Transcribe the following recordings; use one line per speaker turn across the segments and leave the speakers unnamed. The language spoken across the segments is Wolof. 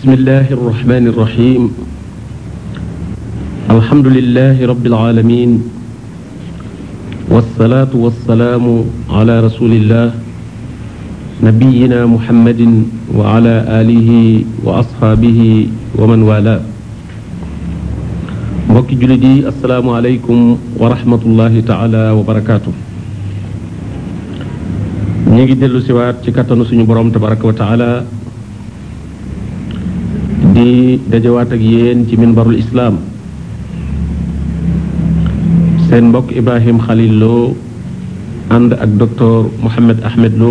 bismillahi arrahmani irrahim alhamdulilahi rabilalamin walsalaatu walsalaamu ala rasulillah nabiyina muhammadin wa ala alihi wa asxaabihi wa man wala mbokki jullit yi assalaamu aleykum wa rahmatullahi taala wa barakaatu ñu ngi dellu siwaat ci kattanu suñu borom tabaraka wa taala di dajawaat ak yéen ci minbarul islaam seen mbokk Ibrahim Khalil ànd ak docteur Mohamed Ahmed Lo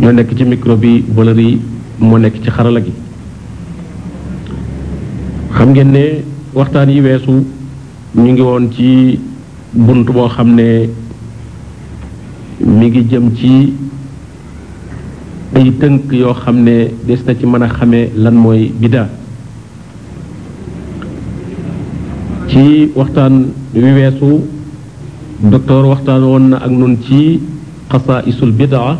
ñoo nekk ci micro bi Valérie moo nekk ci xarala gi xam ngeen ne waxtaan yi weesu ñu ngi woon ci bunt boo xam ne mi ngi jëm ci ay tënk yoo xam ne des na ci mën a xamee lan mooy bida ci waxtaan wi weesu docteur waxtaan woon na ak nun ci xasaisul bidaa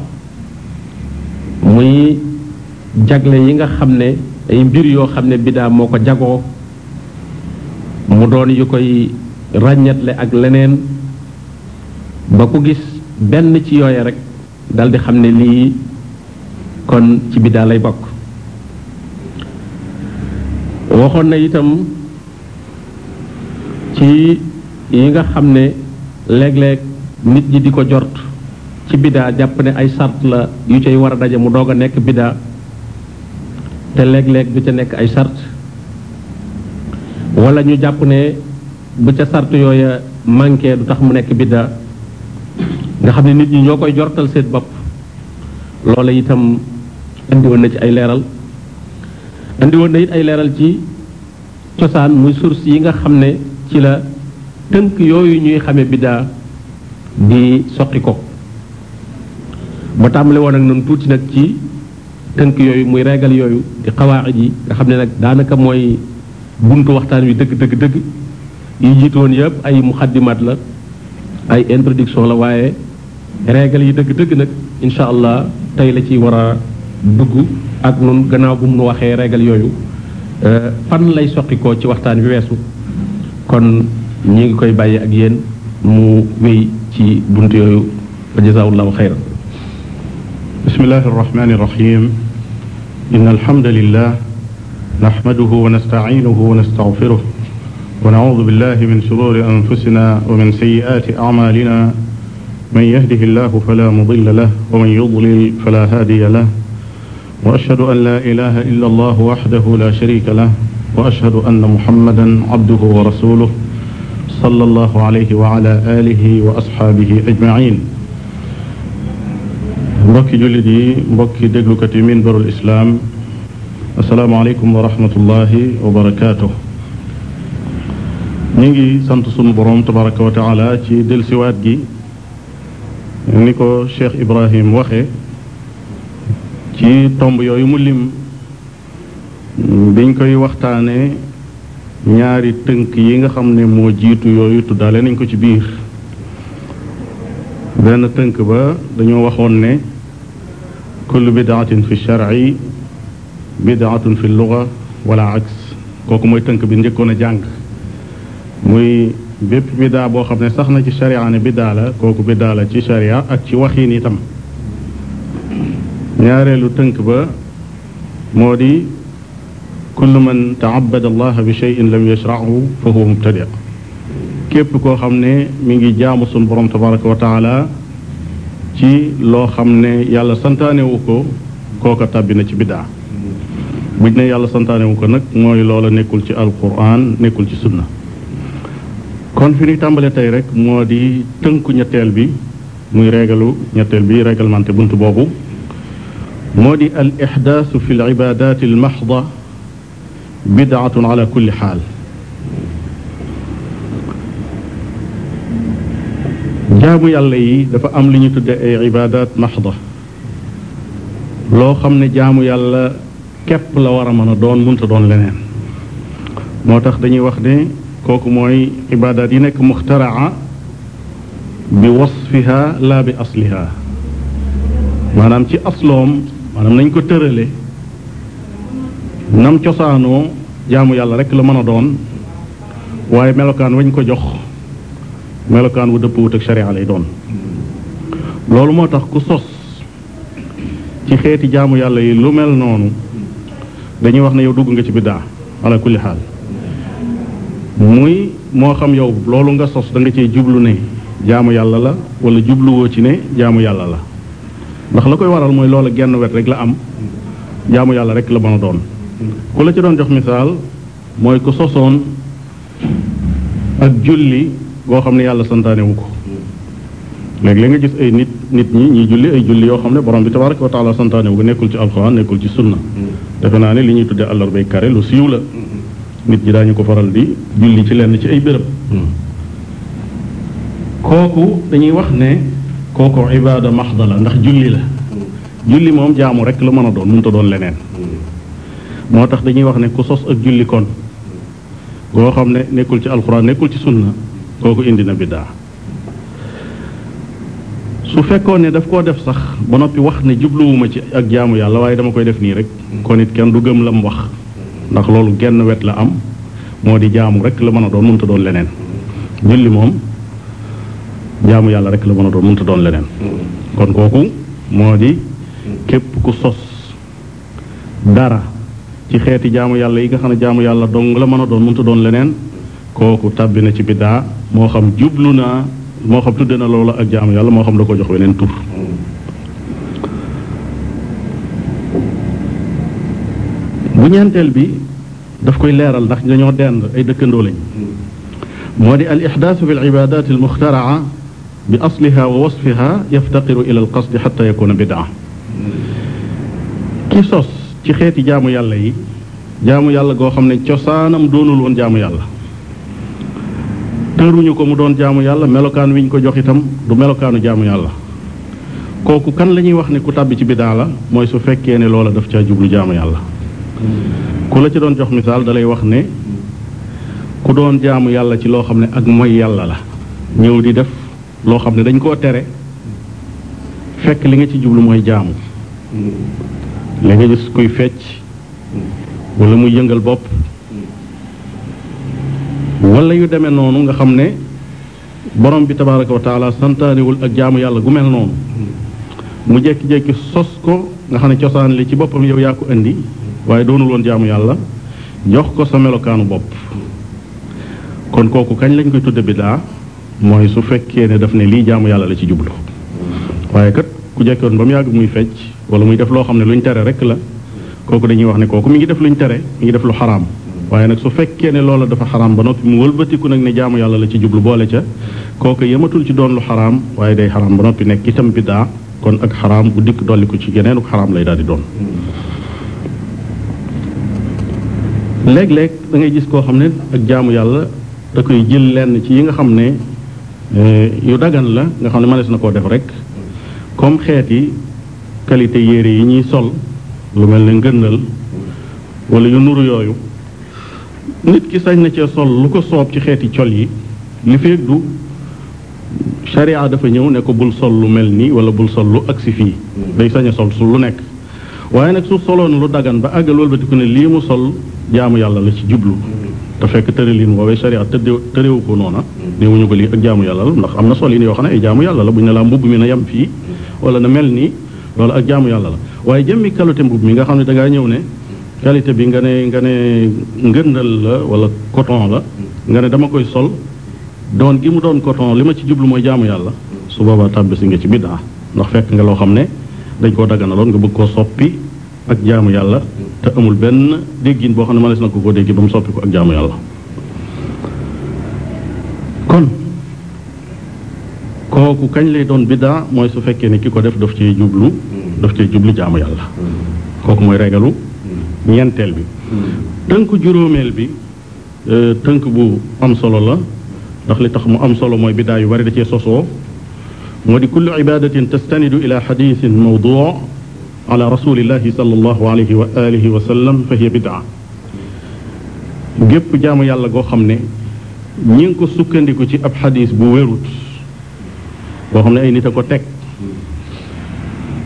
muy jagle yi nga xam ne ay mbir yoo xam ne bidaa moo ko jagoo mu doon yu koy ràññatle ak leneen ba ku gis benn ci yooye rek daldi xam ne lii kon ci biddaa lay bokk waxoon na itam ci yi nga xam ne léeg-léeg nit ñi di ko jort ci biddaa jàpp ne ay sart la yu cay war a mu doog a nekk biddaa te léeg-léeg du ca nekk ay sart wala ñu jàpp ne bu ca sart yooya manqué du tax mu nekk biddaa nga xam ne nit ñi ñoo koy jortal seen bopp loola itam andi woon na ci ay leeral andi woon na it ay leeral ci cosaan muy source yi nga xam ne ci la tënk yooyu ñuy xame biddaa di soqi ko ba tàmbali woon ak noonu tuuti nag ci tënk yooyu muy reegal yooyu di xawaaxit yi nga xam ne nag daanaka mooy buntu waxtaan wi dëgg dëgg dëgg yi jiitu woon yëpp ay muxaddimaat la ay introduction la waaye reegal yi dëgg dëgg nag incha allah tey la ci war a dugg ak nun gannaaw bu mu waxee régal yooyu euh, fan lay soqikoo ci waxtaan wi weesu kon ñi ngi koy bàyyi ak yéen mu wéy ci bunt yooyu
wa jazaahullahu xayran bismillahi arrahmani irrahim inna alhamdulillah nahmaduhu wa nasta'inuhu wa nastaghfiruh wa na'udhu billahi min shururi anfusina wa min sayyi'ati a'malina man yahdihi llahu fala mudilla lahu wa man yudlil fala hadiya lahu واشهد ان لا اله الا الله وحده لا شريك له واشهد ان محمدا عبده ورسوله صلى الله عليه وعلى اله واصحابه اجمعين mbokki jullit yi mbokki déglukat yi minbarul islaam asalaamaaleykum wa rahmatullahi wa barakaatu ñu ngi sant sunu borom tabaraka wa taala ci delsiwaat gi ni ko cheikh ibrahim waxe ci tomb yooyu mu lim biñ koy waxtaanee ñaari tënk yi nga xam ne moo jiitu yooyu tuddaale nañ ko ci biir benn tënk ba dañoo waxoon ne kullu bidaatin fi sharci bidaatun fi luga wala aks kooku mooy tënk bi njëkkoon a jàng muy bépp bidaa boo xam ne sax na ci sharia ne bidaa la kooku bidaa la ci sharia ak ci waxiin itam ñaareelu tënk ba moo di kullu man taabada allaha bi cheyin lam yashrahu fa huwa mubtadi képp koo xam ne mu ngi jaamu sun borom tabaraka wa taala ci loo xam ne yàlla santaanewu ko kooka tàbbi na ci biddaa buñ ne yàlla santaanewu ko nag mooy loola nekkul ci alquran nekkul ci sunna kon fi ñuy tàmbale tey rek moo di tënku ñetteel bi muy régalu ñetteel bi réglementé bunt boobu moo di al ixdaasu fi l ibaadaati al maxda bidaatun ala kulli xaal jaamu yàlla yi dafa am li ñu tudde ay ibaadaat maxda loo xam ne jaamu yàlla képp la war a mën a doon mënta doon leneen moo tax dañuy wax ne kooku mooy ibaadaat yi nekk muxtaraa bi wasfiha laa bi asliha maanaam ci asloom maanaam nañ ko tërale nam cosaanoo jaamu yàlla rek la mën a doon waaye melokaan wañ ko jox melokaan wu dëppwut ak sharia lay doon loolu moo tax ku sos ci xeeti jaamu yàlla yi lu mel noonu dañuy wax ne yow dugg nga ci biddaa ala kulli xaal muy moo xam yow loolu nga sos danga nga cee jublu ne jaamu yàlla la wala woo ci ne jaamu yàlla la ndax la koy waral mooy loola genn wet rek la am jaamu yàlla rek la mën a doon ku la ci doon jox misaal mooy ku sosoon ak julli goo xam ne yàlla santaane wu ko léeg-léeg nga gis ay nit nit ñi ñuy julli ay julli yoo xam ne borom bi tabaraka wa taala santaane wu ko nekkul ci alxuraan nekkul ci sunna defe naa ne li ñuy tuddee àllarbay kare lu siiw la nit ñi ñu ko faral di julli ci lenn ci ay bërëb kooku dañuy wax ne kooku ibaada maxda la ndax julli la julli moom jaamu rek la mën a doon mënuta doon leneen moo tax dañuy wax ne ku sos ak julli kon goo xam ne nekkul ci alxuraan nekkul ci sunna kooku indi na biddaa su fekkoon ne daf koo def sax ba noppi wax ne jubluwuma ci ak jaamu yàlla waaye dama koy def nii rek kon it kenn du gëm la mu wax ndax loolu genn wet la am moo di jaamu rek la mën a doon mënuta doon leneen julli moom jaamu yàlla rek la mën a doon mënta doon leneen kon kooku moo di képp ku sos dara ci xeeti jaamu yàlla yi nga xam ne jaamu yàlla dong la mën a doon mënta doon leneen kooku tàbbi na ci biddaa moo xam jublu naa moo xam tudde na loola ak jaamu yàlla moo xam da ko jox weneen tur bu ñeenteel bi daf koy leeral ndax dañoo dend ay dëkkandoo lañ moo di al ixdaasu bil ibaadaati al muxtaraa bi asliha wa wasfiha yaftaqiru ila al qasdi xata yakuna bidaa ki sos ci xeeti jaamu yàlla yi jaamu yàlla goo xam ne cosaanam doonul woon jaamu yàlla tëruñu ko mu doon jaamu yàlla melokaan wi ko jox itam du melokaanu jaamu yàlla kooku kan lañuy wax ne ku tàbbi ci bidaa la mooy su fekkee ne loola daf caa jublu jaamu yàlla ku la ci doon jox misaal dalay wax ne ku doon jaamu yàlla ci loo xam ne ak mooy yàlla la ñëw di def loo xam ne dañ koo tere fekk li nga ci jublu mooy jaamu li nga gis kuy fecc walla mu yëngal bopp walla yu demee noonu nga xam ne borom bi tabaraka wa taala ak jaamu yàlla gu mel noonu mu jékki-jékki sos ko nga xam ne cosaan li ci boppam yow yaa ko indi waaye doonu woon jaamu yàlla jox ko sa melokaanu bopp kon kooku kañ lañ koy tudde bidaa mooy su fekkee ne daf ne lii jaamu yàlla la ci jublu waaye kat ku jekkoon ba mu yàgg muy fecc wala muy def loo xam ne luñ tere rek la kooku dañuy wax ne kooku mi ngi def luñ tere mi ngi def lu xaraam waaye nag su fekkee ne loola dafa xaraam ba noppi mu wëlbatiku nag ne jaamu yàlla la ci jublu boole ca kooku yematul ci doon lu xaraam waaye day xaraam ba noppi nekk itam bidaa kon ak xaraam bu dikk dolliku ci geneenu xaraam lay daal di doon léeg gis koo xam ne ak jaamu yàlla da koy jël lenn ci yi nga xam ne Euh, yu dagan la nga xam ne mënees na koo def rek comme xeeti qualité yére yi ñuy sol lu mel ne ngëndal walla yu nuru yooyu nit ki sañ na cee sol lu ko soob ci xeeti col yi li feeg du charia dafa ñëw ne ko bul sol lu mel nii wala bul sol lu agsi fii day sañ a sol su lu nekk waaye nag su soloon lu dagan ba àggal wëlbatiku ne lii mu sol jaamu yàlla la ci jublu te fekk tëralin woowee sharia tëdde tëréewu ko noona néewuñu ko lii ak jaamu yàlla la ndax am na solin yoo xam ne ay jaamu yàlla la laa mbubb mi na yem wala na mel nii loolu ak jaamu yàlla la waaye jëmmi qualité mbubb mi nga xam ne da ngaa ñëw ne qualité bi nga ne nga ne la wala coton la nga ne dama koy sol doon gi mu doon coton li ma ci jublu mooy jaamu yàlla su boobaa tàbbisi nga ci biddaa ndax fekk nga loo xam ne dañ koo daganaloon nga bëgg koo soppi ak jaamu yàlla te amul benn déggin boo xam ne mënees na ko koo déggi ba mu soppi ak jaamu yàlla kon kooku kañ lay doon biddaa mooy su fekkee ne ki ko def daf cee jublu daf cee jublu jaamu yàlla kooku mooy regalu ñeenteel bi tënk juróomeel bi e, tënk bu am solo la ndax li tax mu am solo mooy biddaa yu bari da cee sosoo moo di kullu ibadatin tastanidu ila xadisin mawduu ala rasulillahi sallallahu alayhi wa alihi wa sallam fa hiya bid'a gépp jaamu yàlla goo xam ne ñi ko sukkandiku ci ab xadis bu wérut boo xam ne ay ko teg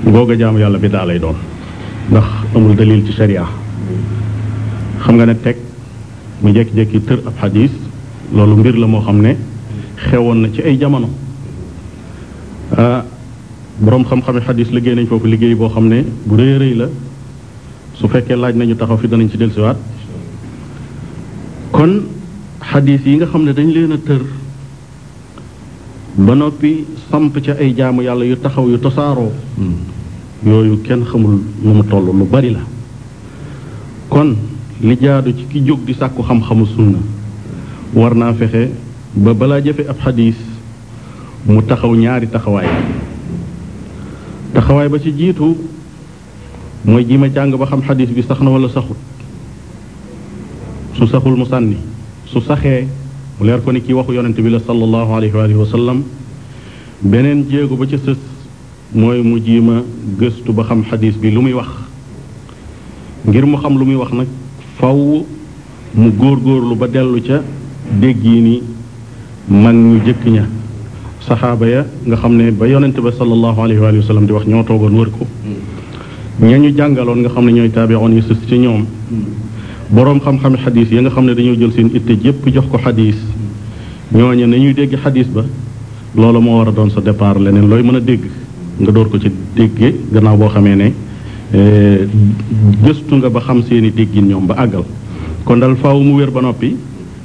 googa jaamu yàlla biddaa lay doon ndax amul dalil ci sharia xam nga ne teg mu jekki-jekki tër ab xadis loolu mbir la moo xam ne xewoon na ci ay jamono ah, boroom xam-xame xadis liggéey nañ foofu liggéey boo xam ne bu rëy rëy la su fekkee laaj nañu taxaw fi danañ ci dellusiwaat kon xadis yi nga xam ne dañ leen a tër ba noppi samp ca ay jaamu yàlla yu taxaw yu tasaaroo yooyu kenn xamul nu mu toll lu bari la kon li jaadu ci ki jóg di sàkku xam-xamu sunna war naa fexe ba balaa jëfe ab xadiis mu taxaw ñaari taxawaay taxawaay ba ci jiitu mooy ji ma jàng ba xam xadis bi sax na wala saxut su saxul mu sànni su saxee mu leer ko ni kii waxu yonent bi la sallallahu alayhi wa sallam beneen jéego ba ca sës mooy mu jiima gëstu ba xam xadis bi lu muy wax ngir mu xam lu muy wax nag faw mu góor góorlu ba dellu ca dégg yi ni mag ñu jëkk ña saxaaba ya nga xam ne ba yonente ba sallallahu alayhi wa sallam di wax ñoo toogoon wër ko ña ñu jàngaloon nga xam ne ñooy taabiroon yi sus ci ñoom boroom xam-xami xadis nga xam ne dañoo jël seen itte yépp jox ko xadis ñooña na ñuy dégg xadis ba loolu moo war a doon sa départ leneen looy mën a dégg nga door ko ci dégge gannaaw boo xamee ne eh, gëstu nga ba xam seen i déggin ñoom ba àggal kon dal mu wér ba noppi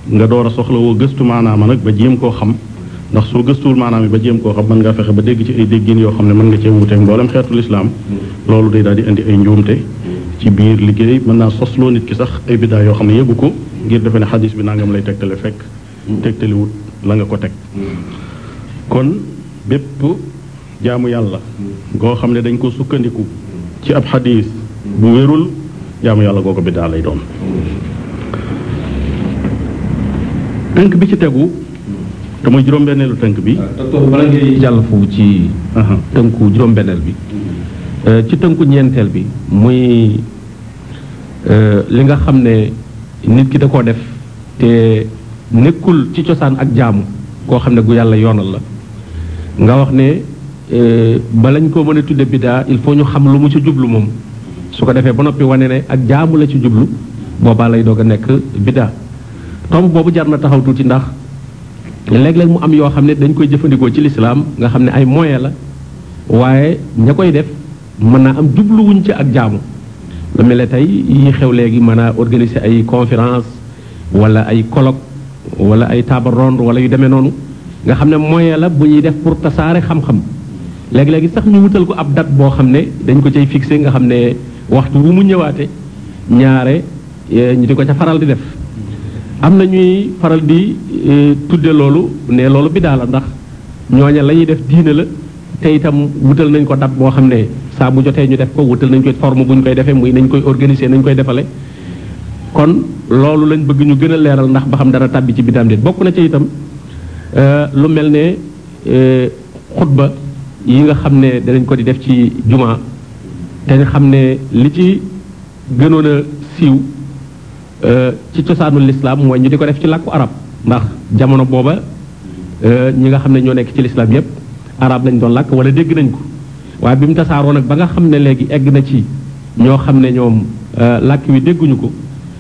nga door a soxlawoo gëstu maanaama nag ba jéem koo xam ndax soo gëstuwul maanaam yi ba jéem koo xam mën ngaa fexe ba dégg ci ay déggin yoo xam ne mën nga cee wuuteeg mboolem xeetu lislaam loolu day daal di indi ay njuumte ci biir liggéey mën naa sosloo nit ki sax ay biddaa yoo xam ne yëgu ko ngir defe ne xadis bi nangam lay tegtale fekk tegtaliwut la nga ko teg kon bépp jaamu yàlla goo xam ne dañ ko sukkandiku ci ab xadis bu wérul jaamu yàlla goo ko biddaa lay doon tënk bi
ci tegu te mooy juróom-benneelu tënk bi. bala ngay jàll foofu ci. tënku juróom-benneel bi. Euh, ci tënku ñeenteel bi muy euh, li nga xam ne nit ki da koo def te nekkul ci cosaan ak jaamu koo xam ne gu yàlla yoonal la nga wax ne euh, bala ñu ko mën a tudde biddaa il faut ñu xam lu mu ci jublu moom su ko defee ba noppi wane ne ak jaamu la ci jublu boobaa lay doog a nekk biddaa tomb boobu jar na taxaw tuuti ndax. léeg-léeg mu am yoo xam ne dañ koy jëfandikoo ci lislaam nga xam ne ay moyen la waaye ña koy def mën naa am jubluwuñ ci ak jaamu lu mel ne tey yi xew léegi mën a organiser ay conférence wala ay colloque wala ay table ronde wala yu demee noonu nga xam ne moyen la bu ñuy def pour tasaare xam-xam léegi-léegi sax ñu wutal ko ab date boo xam ne dañ ko cay fixé nga xam ne waxtu wu mu ñëwaate ñaare eh, ñu di ko ca faral di def am na ñuy faral di e, tudde loolu ne loolu bi la ndax ñooña la ñuy def diine la te itam wutal nañ ko dab boo xam ne saa bu jotee ñu def ko wutal nañ ko forme bu ñu koy defee muy nañ koy organiser nañ koy defale kon loolu lañ bëgg ñu gën a leeral ndax ba xam dara tàbbi ci bitam déet bokk na ci itam e, lu mel ne e, xutba yi nga xam ne danañ ko di def ci jumaa te nga xam ne li ci gënoon a siiw Euh, ci cosaanu lislaam mooy ñu di ko def ci làkku arab ndax jamono booba euh, ñi nga xam ne ñoo nekk ci lislaam yépp arab lañ doon làkk wala dégg nañ ko waaye bi mu tasaaroo nag ba nga xam ne léegi egg na ci ñoo xam ne ñoom euh, làkk wi dégguñu ko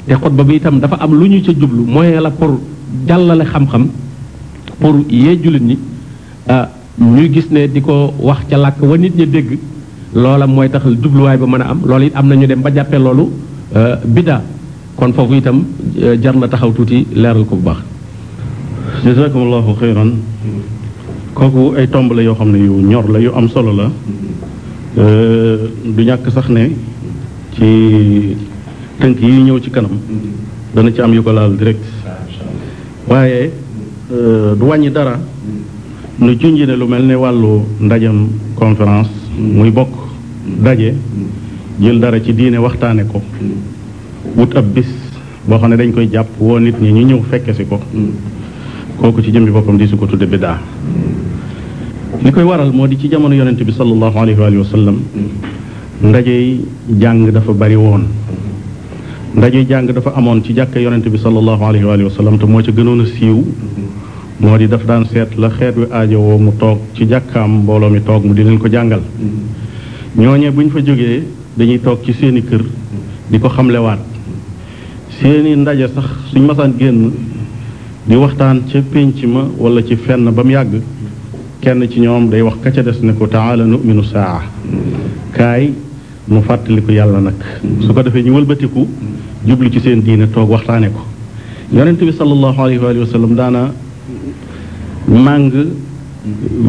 te ba bi itam dafa am lu ñu ca jublu mooy la pour jàllale xam-xam pour yee jullit ñi ñuy gis ne di ko wax ca làkk wa nit ñi dégg loola mooy tax jubluwaay ba mën a am loolu it am na ñu dem ba jàppee loolu bida kon foofu itam euh, jar na taxaw tuuti leeral ko bu baax.
jazakumullahu xayran kooku ay tomb la yoo xam ne yu ñor la yu am solo la euh, du ñàkk sax ne ci tënk yi ñëw ci kanam dana ci am yu ko laal direct waaye euh, du wàññi dara nu junji ne lu mel ne wàllu ndajam conférence muy bokk daje jël dara ci diine waxtaane ko wut ab bis boo xam ne dañ koy jàpp woo nit ñi ñu ñëw fekke si ko kooku ci jëmmi boppam di su ko tudde biddaa li koy waral moo di ci jamono yonente bi sallallahu alayhi wa sallam ndajey jàng dafa bari woon jàng dafa amoon ci jàkka yonente bi sallallahu alayhi wa sallam te moo ci gënoon a siiw moo di daf daan seet la xeet wi aajowoo mu toog ci jàkkaam mbooloo mi toog mu di leen ko jàngal ñooñee bu ñu fa jógee dañuy toog ci seeni kër di ko xamlewaat seeni ndaje sax suñ masaan génn di waxtaan ca pénc ma wala ci fenn ba mu yàgg kenn ci ñoom day wax ka ca des ne ko taala numinu saa kaay nu fàttaliku yàlla nag su ko defee ñu wëlbatiku jublu ci seen diine toog waxtaane ko yonent bi sallallahu alayhi wa sallam daana màng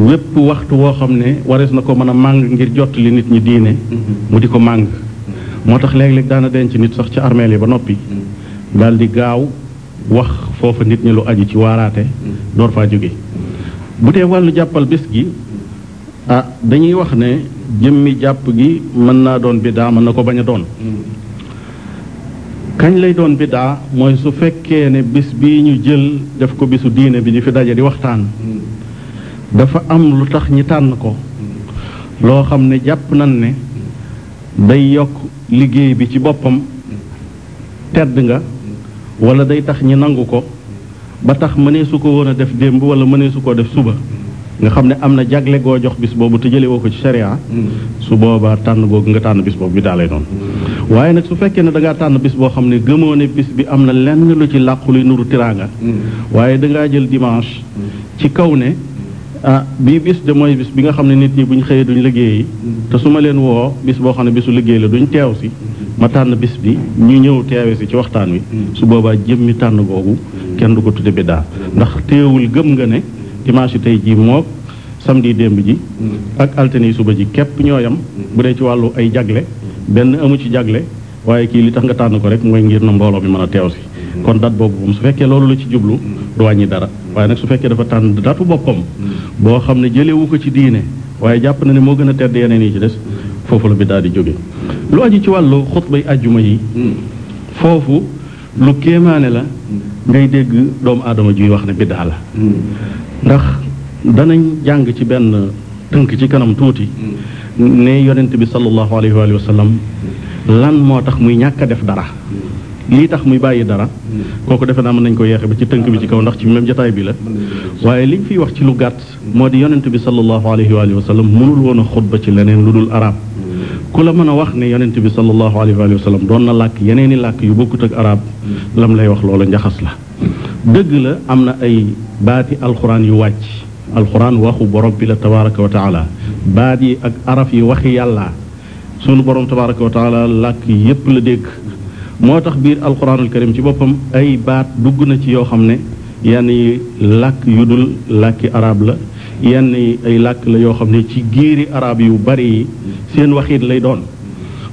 wépp waxtu woo xam ne warees na ko mën a màng ngir jot li nit ñi diine mu di ko màng moo tax léeg-léeg daana denc nit sax ci armeel yi ba noppi daal gaaw wax foofa nit ñi lu aju ci waaraate door faa jóge bu dee wàllu jàppal bés gi ah dañuy wax ne jëmmi jàpp gi mën naa doon biddaa mën na ko bañ a doon kañ lay doon biddaa mooy su fekkee ne bis bi ñu jël def ko bisu diine bi di fi daje di waxtaan dafa am lu tax ñi tànn ko loo xam ne jàpp nañ ne day yokk liggéey bi ci boppam tedd nga wala day tax ñi nangu ko ba tax mënee su ko woon a def démb wala mënee su koo def suba nga xam ne am na jagle goo jox bis boobu te jëlee woo ko ci sharia mm. su boobaa tànn googu nga tànn bis boobu bi daalee noonu mm. waaye nag su fekkee ne da ngaa tànn bis boo xam ne gëmoo ne bis bi am na lenn lu ci làqu nuru tiraanga mm. waaye dangaa jël dimanche ci kaw ne ah bii bis de mooy bis bi nga xam ne nit ñi bu ñu xëyee duñ liggéeyi te su ma leen woo bis boo xam ne bisu liggéey la duñ teew si ma tànn bis bi ñuy ñëw teewe si ci waxtaan wi su boobaa jëmmi tànn boobu kenn du ko tudde daal ndax teewul gëm nga ne dimanche tey jii mook samedi démb ji ak altene yi suba ji képp ñooyam bu dee ci wàllu ay jagle benn amu ci jagle waaye kii li tax nga tànn ko rek mooy ngir na mbooloo mi mën a teew si kon date boobu moom su fekkee loolu la ci jublu du wàññi dara waaye nag su fekkee dafa tànn datu boppam boo xam ne jëlewu ko ci diine waaye jàpp na ne moo gën a tedd yeneen yi ci des foofu la bi daal di jóge lu aju ci wàllu xutbay ajjuma yi foofu lu kéemaane la ngay dégg doomu aadama juy wax ne biddaa la ndax danañ jàng ci benn tënk ci kanam tuuti ne yonent bi sallallahu alayhi wa sallam lan moo tax muy ñàkk a def dara lii tax muy bàyyi dara kooku defe naa mën nañ ko yeexe ba ci tënk bi ci kaw ndax ci même jotaay bi la waaye liñ fiy wax ci lu gàtt moo di yonent bi sallallahu alayhi wa sallam mënul woon a xutba ci leneen lu dul arab ku la mën a wax ne yonent bi sallallahu alayhi wa sallam doon na làkk yeneeni làkk yu bokkut ak arab lam lay wax loola njaxas la dëgg la am na ay baati alxuraan yu wàcc alxuraan waxu borom bi la tabaraka wa taala baat yi ak araf yi waxi yàlla sunu borom tabaraka wa taala làkk yépp la dégg moo tax biir alquranul karim ci boppam ay baat dugg na ci yoo xam ne yenn yi làkk yu dul làkki arab la yenn yi ay làkk la yoo xam ne ci giiri arab yu bari yi seen waxiit lay doon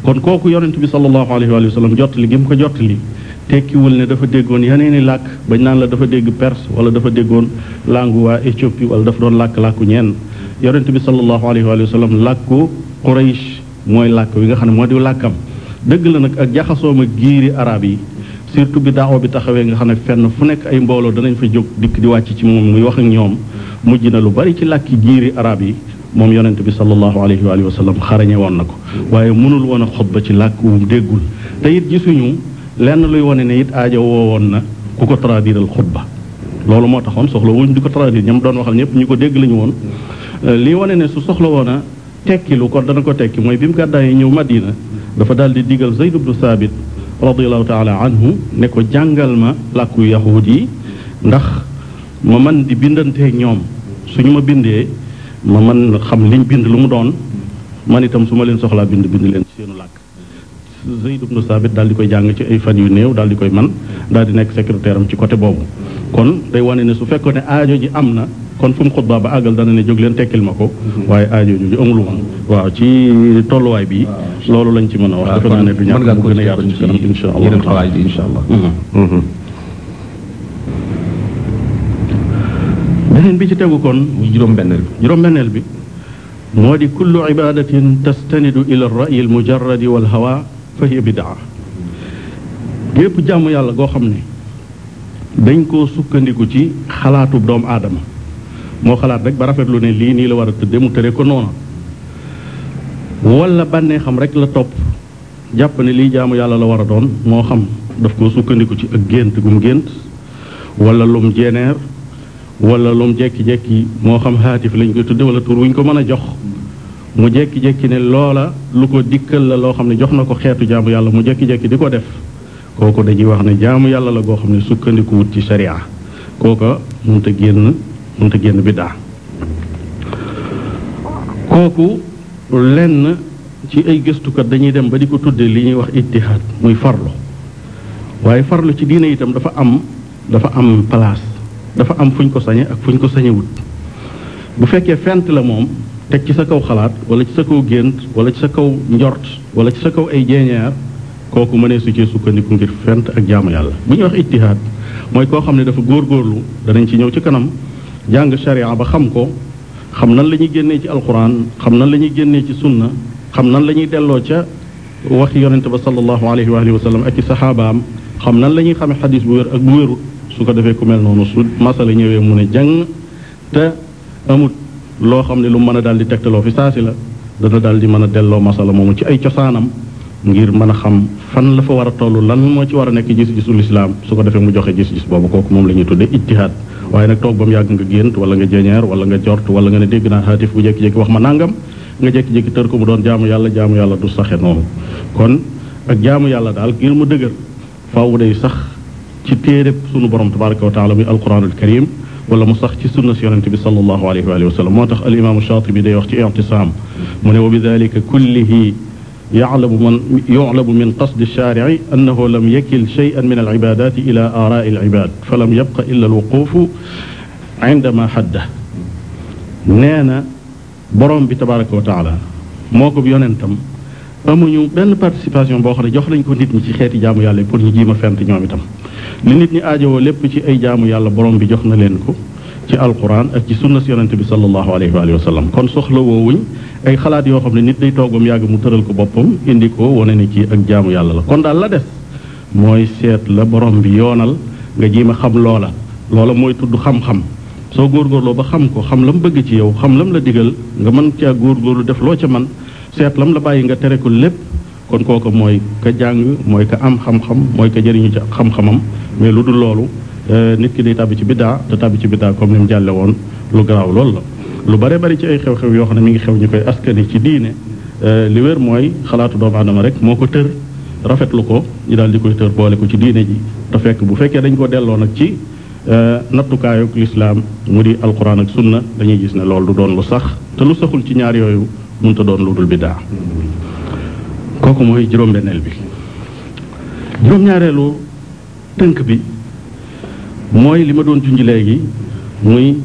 kon kooku yonent bi sallallahu alayhi wa sallam jot li mu ko jottali tekkiwul ne dafa déggoon yeneeni làkk bañ naan la dafa dégg perse wala dafa déggoon langue waa Éthiopie wala dafa doon làkk-làkku ñeen yonent bi sallallahu alayhi wa sallam làkku Quraysh mooy làkk bi nga xam ne moo di làkkam dégg la nag ak jaxasoo ma giiri arab yi surtout bi daawoo bi taxawee nga xam ne fenn fu nekk ay mbooloo danañ fa jóg dikk di wàcc ci moom muy wax ak ñoom mujj na lu bari ci làkki giiri arab yi moom yonent bi sallallahu alayhi wa sallam xarañe woon na ko waaye mënul woon a xutba ci làkk wu déggul te it gisuñu lenn luy wane ne it aajo woo woon na ku ko traduiral xutba loolu moo taxoon soxla wuñ di ko traduire ñam doon waxal ñëpp ñu ko dégg la woon lii wane ne su soxla woon a tekki ko dana ko tekki mooy bi mu gàddaay ñëw Madina dafa daal di digal Zayd ibnu Saabit radiallahu taala anhu ne ko jàngal ma làkku yahuud yi ndax ma man di bindantee ñoom su ñu ma bindee ma man xam liñ bind lu mu doon man itam su ma leen soxlaa bind bind leen seenu làkk Zayd ibnu Saabit daal di koy jàng ci ay fan yu néew daal di koy man daal di nekk secrétaire am ci côté boobu kon day wane ne su fekkoon ne aajo ji am na kon fu mu xutbaa ba àggal dana ne jóg leen tekkil ma ko mhm. waaye aajo jooju amul woon waaw ci tolluwaay bi loolu lañ ci mën a wax defe naa ne du ñàkk mu gën a yaatu ci kanam insha allah insha mhm.
allah mhm.
beneen bi ci tegu kon juróom-benneel bi juróom-benneel bi moo di kullu ibadatin tastanidu ila ar-ra'yi wal hawa fa hiya bid'a gépp jàmm yàlla goo xam ni dañ koo sukkandiku ci xalaatu doomu aadama moo xalaat rek ba rafetlu ne lii nii la war a tëdde mu tëre ko noona wala bànnee xam rek la topp jàpp ne lii jaamu yàlla la war a doon moo xam daf koo sukkandiku ci ak gént gum gént wala lum jeneer wala lum jekki-jekki moo xam haatif lañ koy tëdde wala tur wuñ ko mën a jox mu jekki-jekki ne loola lu ko dikkal la loo xam ne jox na ko xeetu jaamu yàlla mu jekki-jekki di ko def kooku dañuy wax ne jaamu yàlla la goo xam ne sukkandikuwut ci sharia kooka mënut a génn mënut a génn biddaa kooku lenn ci ay gëstukat dañuy dem ba di ko tuddee li ñuy wax ittihaad muy farlu waaye farlu ci diine itam dafa am dafa am place dafa am fu ñu ko sañe ak fu ñu ko sañewut bu fekkee fent la moom teg ci sa kaw xalaat wala ci sa kaw gént wala ci sa kaw njort wala ci sa kaw ay jeeñeer kooku mënee su cee sukkandiku ngir fent ak jaamu yàlla bu ñuy wax ijtihaad mooy koo xam ne dafa góor góorgóorlu danañ ci ñëw ci kanam jàng sharia ba xam ko xam nan la ñuy génnee ci alxuraan xam na la ñuy génnee ci sunna xam nan la ñuy delloo ca wax yonente ba sallallahu alayhi wa alihi wa sallam ak ci saxaabaam xam nan la ñuy xamee xadis bu wér ak bu wérut su ko defee ku mel noonu su masala ñëwee mu ne jàng te amut loo xam ne lu mën a daal di tegtaloo fi saasi la dana daal di mën a delloo masala moomu ci ay cosaanam ngir mën a xam fan la fa war a toll lan moo ci war a nekk gis-gisul islaam su ko defee mu joxe gis-gis boobu kooku moom la ñuy tudde ijtihaad waaye nag toog ba mu yàgg nga gént wala nga jeñeer wala nga jort wala nga ne dégg naa xaatif bu jékki-jékki wax ma nangam nga jékki-jékki tër ko mu doon jaamu yàlla jaamu yàlla du saxe noonu kon ak jaamu yàlla daal ngir mu dëgër faaw day sax ci téere sunu borom tabaraka wa muy alquranul karim wala mu sax ci sunna bi sallallahu alayhi moo tax al imaamu yalamu man yulamu min qasdi shaarici annahu lam yakil cheyan min alcibaadaati ila aaraai alcibaad fa lam yabqa illa alwuquufu indama xadda nee na borom bi tabaraka wa taala moo ko yonentam amuñu benn participation boo xam ne jox lañ ko nit ñi ci xeeti jaamu yàlla pour ñu jiima fent ñoom itam li nit ñi aajowoo lépp ci ay jaamu yàlla borom bi jox na leen ko ci alquran ak ci sunna si yonente bi sallallahu alayhi wa sallam kon soxla woowuñ ay xalaat yoo xam ne nit day toog ba mu yàgg mu tëral ko boppam indi ko wane na kii ak jaamu yàlla la kon daal la des mooy seet la borom bi yoonal nga jéem a xam loola loola mooy tudd xam-xam soo góorgóorloo ba xam ko xam la lam bëgg ci yow xam lam la digal nga mën góor góorgóorlu def loo ca man seet lam la bàyyi nga tere ko lépp kon kooku mooy ka jàng mooy ka am xam-xam mooy ka jëriñu ci xam mais lu loolu Euh, nit ki day tàbbi ci biddaa te tàbbi ci biddaa comme ni mu jàlle woon lu garaaw loolu la lu bare bari ci ay xew-xew yoo xam ne mu ngi xew ñu koy askani ci diine euh, li wér mooy xalaatu doomu aadama rek moo ko tër rafetlu ko ñu daal di koy tër boole ko ci diine ji te fekk bu fekkee dañ ko delloo nag ci euh, nattukaayu lislaam mu di alquran ak sunna dañuy gis ne loolu du doon lu sax te lu saxul ci ñaar yooyu mënut a doon lu dul biddaa kooku mooy juróom-benneel bi juróom-ñaareelu tënk bi mooy li ma doon junj léegi muy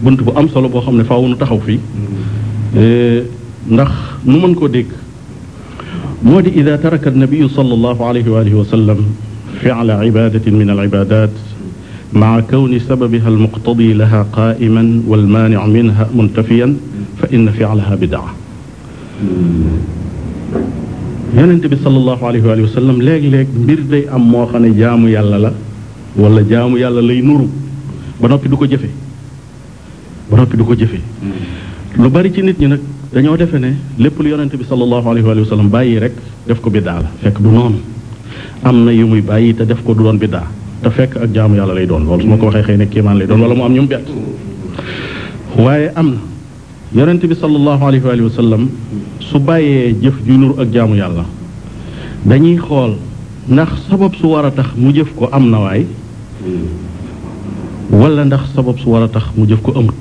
bunt bu am solo boo xam ne faaw nu taxaw fi mm-hmm. eh, ndax nu mën koo dégg moo di ida taraka nabiyu sallallahu alayhi wa alihi wa sallam fi'la ibadatin min al ibadat maa kawni sababiha almuqtadi laha qaa'iman walmaaniu minha muntafiyan fa inna fi'laha bidaa
mm-hmm.
yonente bi sallallahu alayhi wa alihi wa sallam léeg-léeg mbir day am moo xam ne jaamu yàlla la wala jaamu yàlla lay nuru ba noppi du ko jëfe ba noppi du ko jëfe lu bari ci nit ñi nag dañoo defe ne lépp lu yonente bi sallallahu alayhi wa sallam bàyyi rek def ko biddaa la fekk du noonu am na yu muy bàyyi te def ko du doon biddaa te fekk ak jaamu yàlla lay doon loolu su ma ko waxee xëy na kéemaan lay doon wala mu am ñu mu bett waaye am na yonente bi sallallahu alayhi wa sallam su bàyyee jëf ju nuru ak jaamu yàlla dañuy xool ndax sabab su war a tax mu jëf ko am na waay wala ndax sabab su war a tax mu jëf ko amut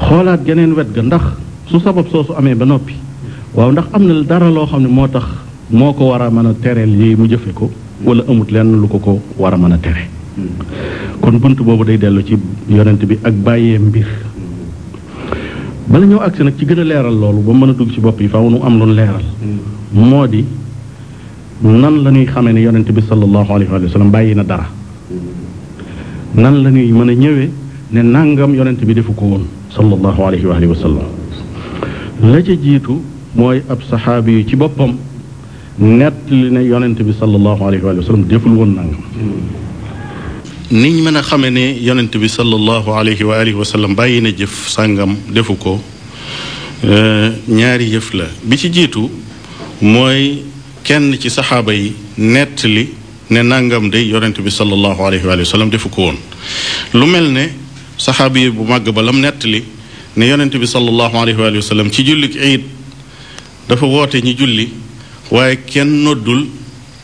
xoolaat geneen wet ga ndax su sabab su amee ba noppi waaw ndax am na dara loo xam ne moo tax moo ko war a mën a tereel yi mu jëfe ko wala amut lenn lu ko ko war a mën a tere kon bunt boobu day dellu ci yonent bi ak bàyyee mbir bala ñëw agsi nag ci gën a leeral loolu ba mën a dugg ci bopp yi faaw nu am lu leeral moo di nan la ñuy xamee ne yonent bi sallallahu alayhi wa sallam bàyyi na dara nan la ñuy mën a ñëwee ne nangam yonent bi defu ko woon sallallahu alayhi wa sallam la ci jiitu mooy ab saxaabi yu ci boppam nettali ne yonent bi sallallahu alayhi wa sallam deful woon nangam. niñ mën a xamee ne yonent bi sallallahu alayhi wa alihi wa sallam bàyyi na jëf sàngam defu ko eh, ñaari yëf la bi ci jiitu mooy. kenn ci saxaaba yi nettali ne nangam de yonent bi sallallahu alayhi wa defu ko woon lu mel ne saxaaba yi bu màgg ba lam nettali ne yonent bi sallallahu alayhi wa sallam ci jullik iid dafa woote ñi julli waaye kenn noddul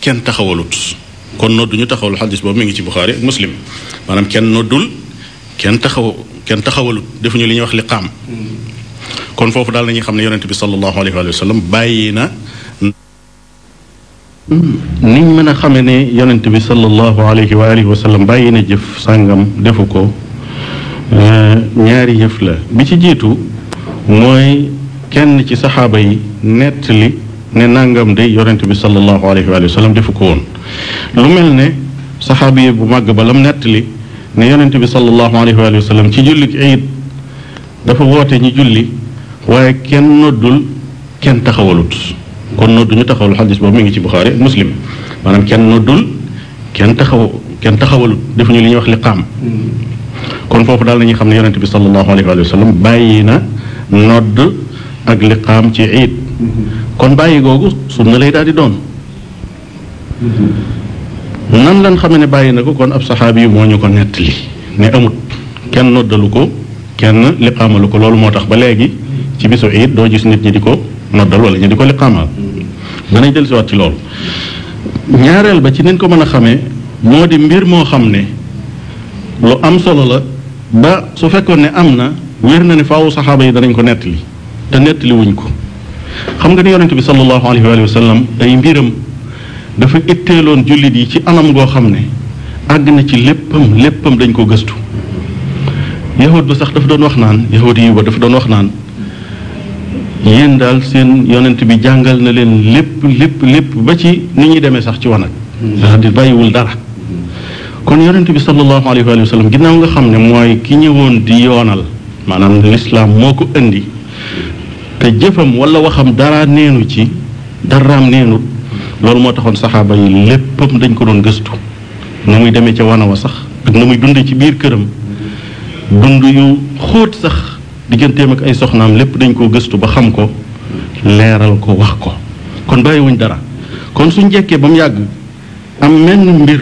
kenn taxawalut kon noddu ñu taxawal xadis boobu mi ngi ci buxaari ak muslim maanaam kenn noddul kenn taxaw kenn taxawalut defuñu li ñuy wax liqaam
mm.
kon foofu daal nañuy xam ne yonent bi sallallahu alayhi wa sallam bàyyi na
niñ
mën a xamee ne yonent bi sallallahu alayhi wa alihi wa bàyyi na jëf sàngam defu ko eh, ñaari yëf la bi ci jiitu mooy kenn ci saxaaba yi nettali ne nangam day yonent bi sallallahu alayhi wa sallam defu ko woon lu mel ne saxaaba bu màgg ba lam nettali ne yonent bi sallallahu alayhi wa sallam ci julli ayit dafa woote ñi julli waaye kenn noddul kenn taxawalut kon ñu taxawal xadis boobu mu ngi ci Buxaari muslim maanaam kenn noddul kenn taxaw kenn taxawalut defuñu li ñuy wax liqaam kon foofu daal nañuy xam ne yonente bi sallallahu alayhi wa sallam bàyyi na nodd ak ci iid kon bàyyi googu sunna lay daal di doon nan lan xame ne bàyyi na ko kon ab saxaab yi moo ñu ko nettali ne amut kenn noddalu ko kenn liqaamalu ko loolu moo tax ba léegi ci bisu iid doo gis nit ñi di ko noddal wala ñu di ko liqaamal danañ dellusiwaat ci lool ñaareel ba ci nañ ko mën a xamee moo di mbir moo xam ne lu am solo la ba su fekkoon ne am na wér na ne faawu saxaaba yi danañ ko nettali te nettali ko xam nga ni yonente bi sallallahu alayhi wa sallam ay mbiram dafa itteeloon jullit yi ci anam goo xam ne àgg na ci léppam léppam dañ ko gëstu yahud ba sax dafa doon wax naan yahudi yi ba dafa doon wax naan yéen daal seen yonent bi jàngal na leen lépp lépp lépp ba ci ni ñuy demee sax ci wanag c'est-à-dire bàyyiwul dara kon yonent bi sallallahu alayhi wa sallam ginnaaw nga xam ne mooy ki ñëwoon di yoonal maanaam lislaam moo ko indi te jëfam wala waxam dara neenu ci daraam neenu loolu moo taxoon saxaaba yi léppam dañ ko doon gëstu na muy demee ca wana wa sax ak na muy dund ci biir këram dund yu xóot sax digganteem ak ay soxnaam lépp dañ koo gëstu ba xam ko leeral ko wax ko kon bàyyiwuñ dara kon suñ jekkee ba mu yàgg am menn mbir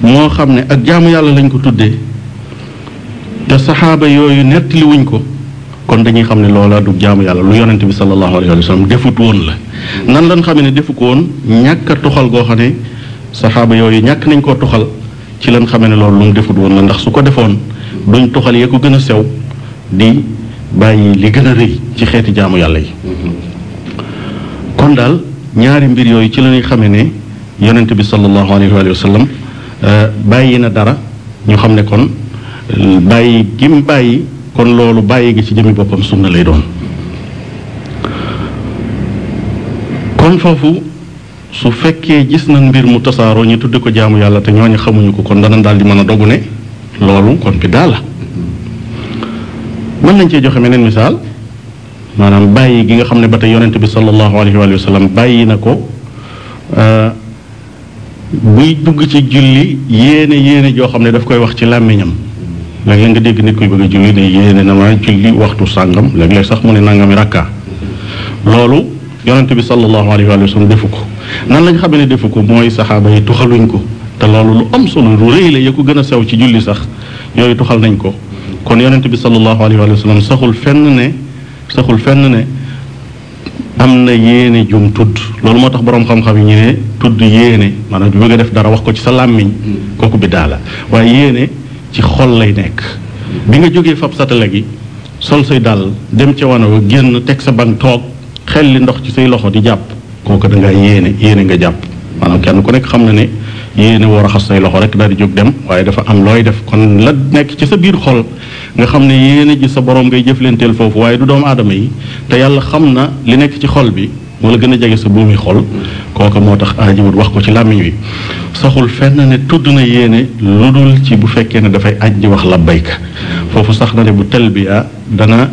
moo xam ne ak jaamu yàlla lañ ko tuddee te saxaaba yooyu nettaliwuñ ko kon dañuy xam ne loola du jaamu yàlla lu yonente bi sallallahu alayhi wa sallam defut woon la nan lañ xamee ne defu ko woon ñàkk a toxal goo xam ne saxaaba yooyu ñàkk nañ koo toxal ci lan xamee ne loolu lu mu defut woon la ndax su ko defoon duñ toxal yee ko gën a sew di bàyyi li gën a rëy ci xeeti jaamu yàlla yi kon daal ñaari mbir yooyu ci la ñuy xamee ne yonent bi sallallahu alayhi wa sallam euh, bàyyi na dara ñu xam ne kon bàyyi gim bàyyi kon loolu bàyyi gi ci jëmi boppam sunna lay doon kon foofu su fekkee gis na mbir mu tasaaroo ñu tudd ko jaamu yàlla te ñoo ñooñu xamuñu ko kon dana daal di mën a dogu ne loolu kon bi daal mën nañ cee joxe meneen misaal maanaam bàyyi gi nga xam ne ba tey yonent bi sallallahu alayhi wa sallam bàyyi na ko euh, buy dugg ci julli yéene yéene joo xam ne daf koy wax ci làmmiñam léeg-léeg nga dégg nit koy bëgg a julli ne yéene na ma julli waxtu sàngam léeg-léeg sax mu ne nangami rakka loolu yonent bi sallallahu alayhi wa defu ko nan lañ xamee ne defu ko mooy saxaaba yi tuxaluñ ko te loolu lu am solo lu rëy ya ko gën a sew ci julli sax yooyu tuxal nañ ko kon yonent bi sallallahu alayhi wa sallam saxul fenn ne saxul fenn ne am na yéene jum tudd loolu moo tax boroom xam-xam yi ñu ne tudd yéene maanaam bu bëgg nga def dara wax ko ci sa làmmiñ kooku bi daala waaye yéene ci xol lay nekk bi nga jógee fab satala gi sol say dàll dem ca wana wa génn teg sa bank toog xel li ndox ci say loxo di jàpp kooku da ngaa yéene yéene nga jàpp maanaam kenn ku nekk xam na ne yéene woo raxas say loxo rek dal di jóg dem waaye dafa am looy def kon la nekk ci sa biir xol nga xam ne yéene ji sa borom ngay jëflanteel foofu waaye du doom aadama yi te yàlla xam na li nekk ci xol bi wala gën a jege sa buumi xol kooka moo tax aajowut wax ko ci làmmiñ wi saxul fenn ne tudd na yéene lu dul ci bu fekkee ne dafay aj di wax labbayka foofu sax na ne bu talbiya dana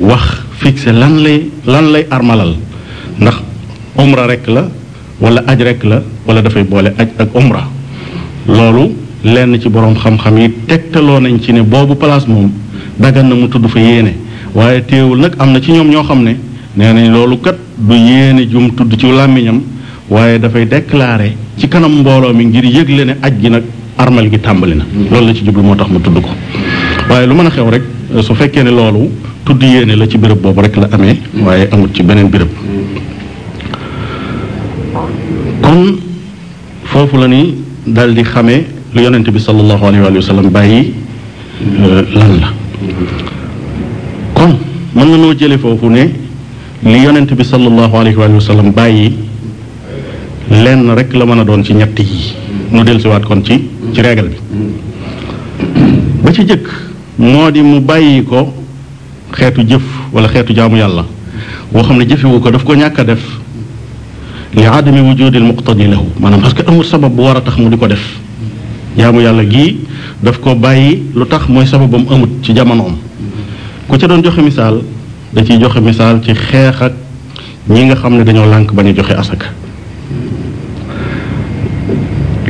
wax fixé lan lay lan lay armalal ndax umra rek la wala aj rek la wala dafay boole aj ak omra loolu lenn ci boroom xam-xam yi tegtaloo nañ ci ne boobu place moom dagan na mu tudd fa yéene waaye téewul nag am na ci ñoom ñoo xam ne nee nañ loolu kat du yéene jum tudd ci làmmiñam waaye dafay déclaré ci kanam mbooloo mi ngir yëgle ne aj gi nag armal gi tàmbali na loolu la ci jublu moo tax mu tudd ko waaye lu mën a xew rek su fekkee ne loolu tudd yéene la ci béréb boobu rek la amee waaye amut ci beneen béréb foofu la ni daal di xamee lu yonent bi sallallahu alayhi wa sallam bàyyi euh, lan la kon mën na loo jële foofu ne li yonent bi sallallahu alayhi wa sallam bàyyi lenn rek la mën a doon ci ñett yi nu dellusiwaat kon ci ci régal bi ba ci jëkk moo di mu bàyyi ko xeetu jëf wala xeetu jaamu yàlla boo xam ne jëfewu ko daf ko ñàkk a def li adami wujudil muqtadi lahu maanaam parce que amul sabab bu war a tax mu di ko def jaamu yàlla gii daf ko bàyyi lu tax mooy sababam amut ci jamonoom ku ca doon joxe misaal da ciy joxe misaal ci xeex ñi nga xam ne dañoo lànk ba a joxe asaka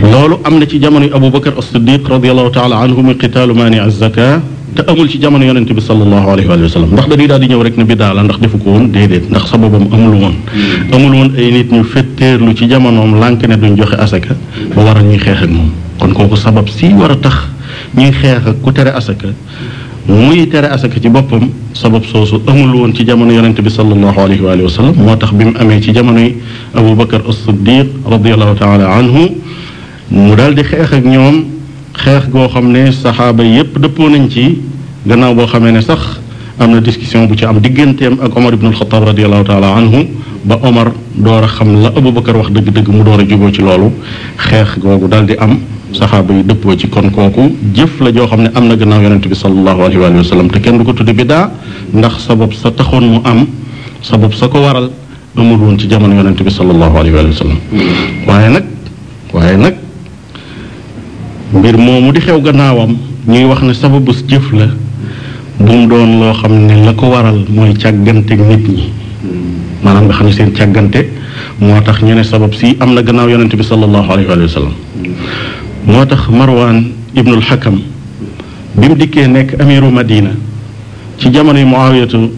loolu am na ci jamono yu Abu Bakar as-Siddiq radiallahu taala anhu muy qitaalu maani az-zakaa te amul ci jamono yonente bi sallallahu alayhi wa sallam ndax dañuy daal di ñëw rek ne biddaa la ndax defu ko woon déedéet ndax sababam amul woon hmm. amul woon ay nit ñu fetteerlu ci jamonoom lànk ne duñ joxe asaka ba war a ñuy xeex ak kon kooku sabab si war a tax ñuy xeex ak ku tere asaka muy tere asaka ci boppam sabab soosu amul woon ci jamono yonente bi salallahu alayhi wa alihi wa sallam moo tax bi mu amee ci jamonoy abou bakar as siddiq radiallahu taala mu daal di xeex ñoom xeex goo xam ne saxaaba yépp dëppoo nañ ci gannaaw boo xamee ne sax am na discussion bu ci am digganteem ak Omar ibn al-Khattab radiallahu taala anhu ba Omar door a xam la Abubakar wax dëgg-dëgg mu door a juboo ci loolu xeex googu daal di am saxaaba yi dëppoo ci kon kooku jëf la joo xam ne am na gannaaw yonent bi salallahu alayhi wa sallam te kenn du ko tudde bidaa ndax sabab sa taxoon mu am sabab sa ko waral amul woon ci jamono yonent bi salallahu alayhi wa sallam mm-hmm. waaye nag waaye nag mbir moomu di xew gannaawam ñuy wax ne sababus jëf la bu mu doon loo xam ne la ko waral mooy càggante nit ñi maanaam nga xam ne seen càggante moo tax ñu ne sabab si am na gannaaw yonent bi sallallahu alayhi wa sallam moo tax marwaan ibnul xakam bi mu dikkee nekk amiru madina ci jamono yi muawiyatu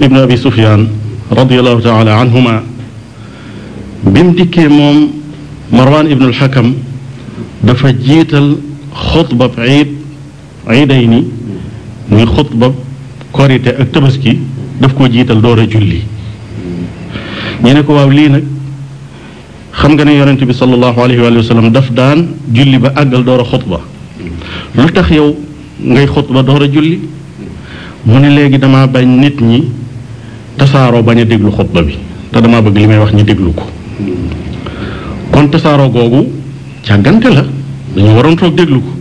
ibnu abi sufyaan radiallahu taala anhuma bi mu dikkee moom marwaan ibnul xakam dafa jiital xutbab iid iiday ni muy xutbab korite ak tabaski daf ko jiital door a julli ñu ne ko waaw lii nag xam nga ne yonent bi sallallahu alayhi wa sallam daf daan julli ba àggal door a xutba lu tax yow ngay xutba door a julli mu ne léegi damaa bañ nit ñi tasaaroo bañ a déglu xutba bi te dama bëgg li may wax ñu déglu ko kon tasaaroo googu càggante la dañu waroon toog déglu ko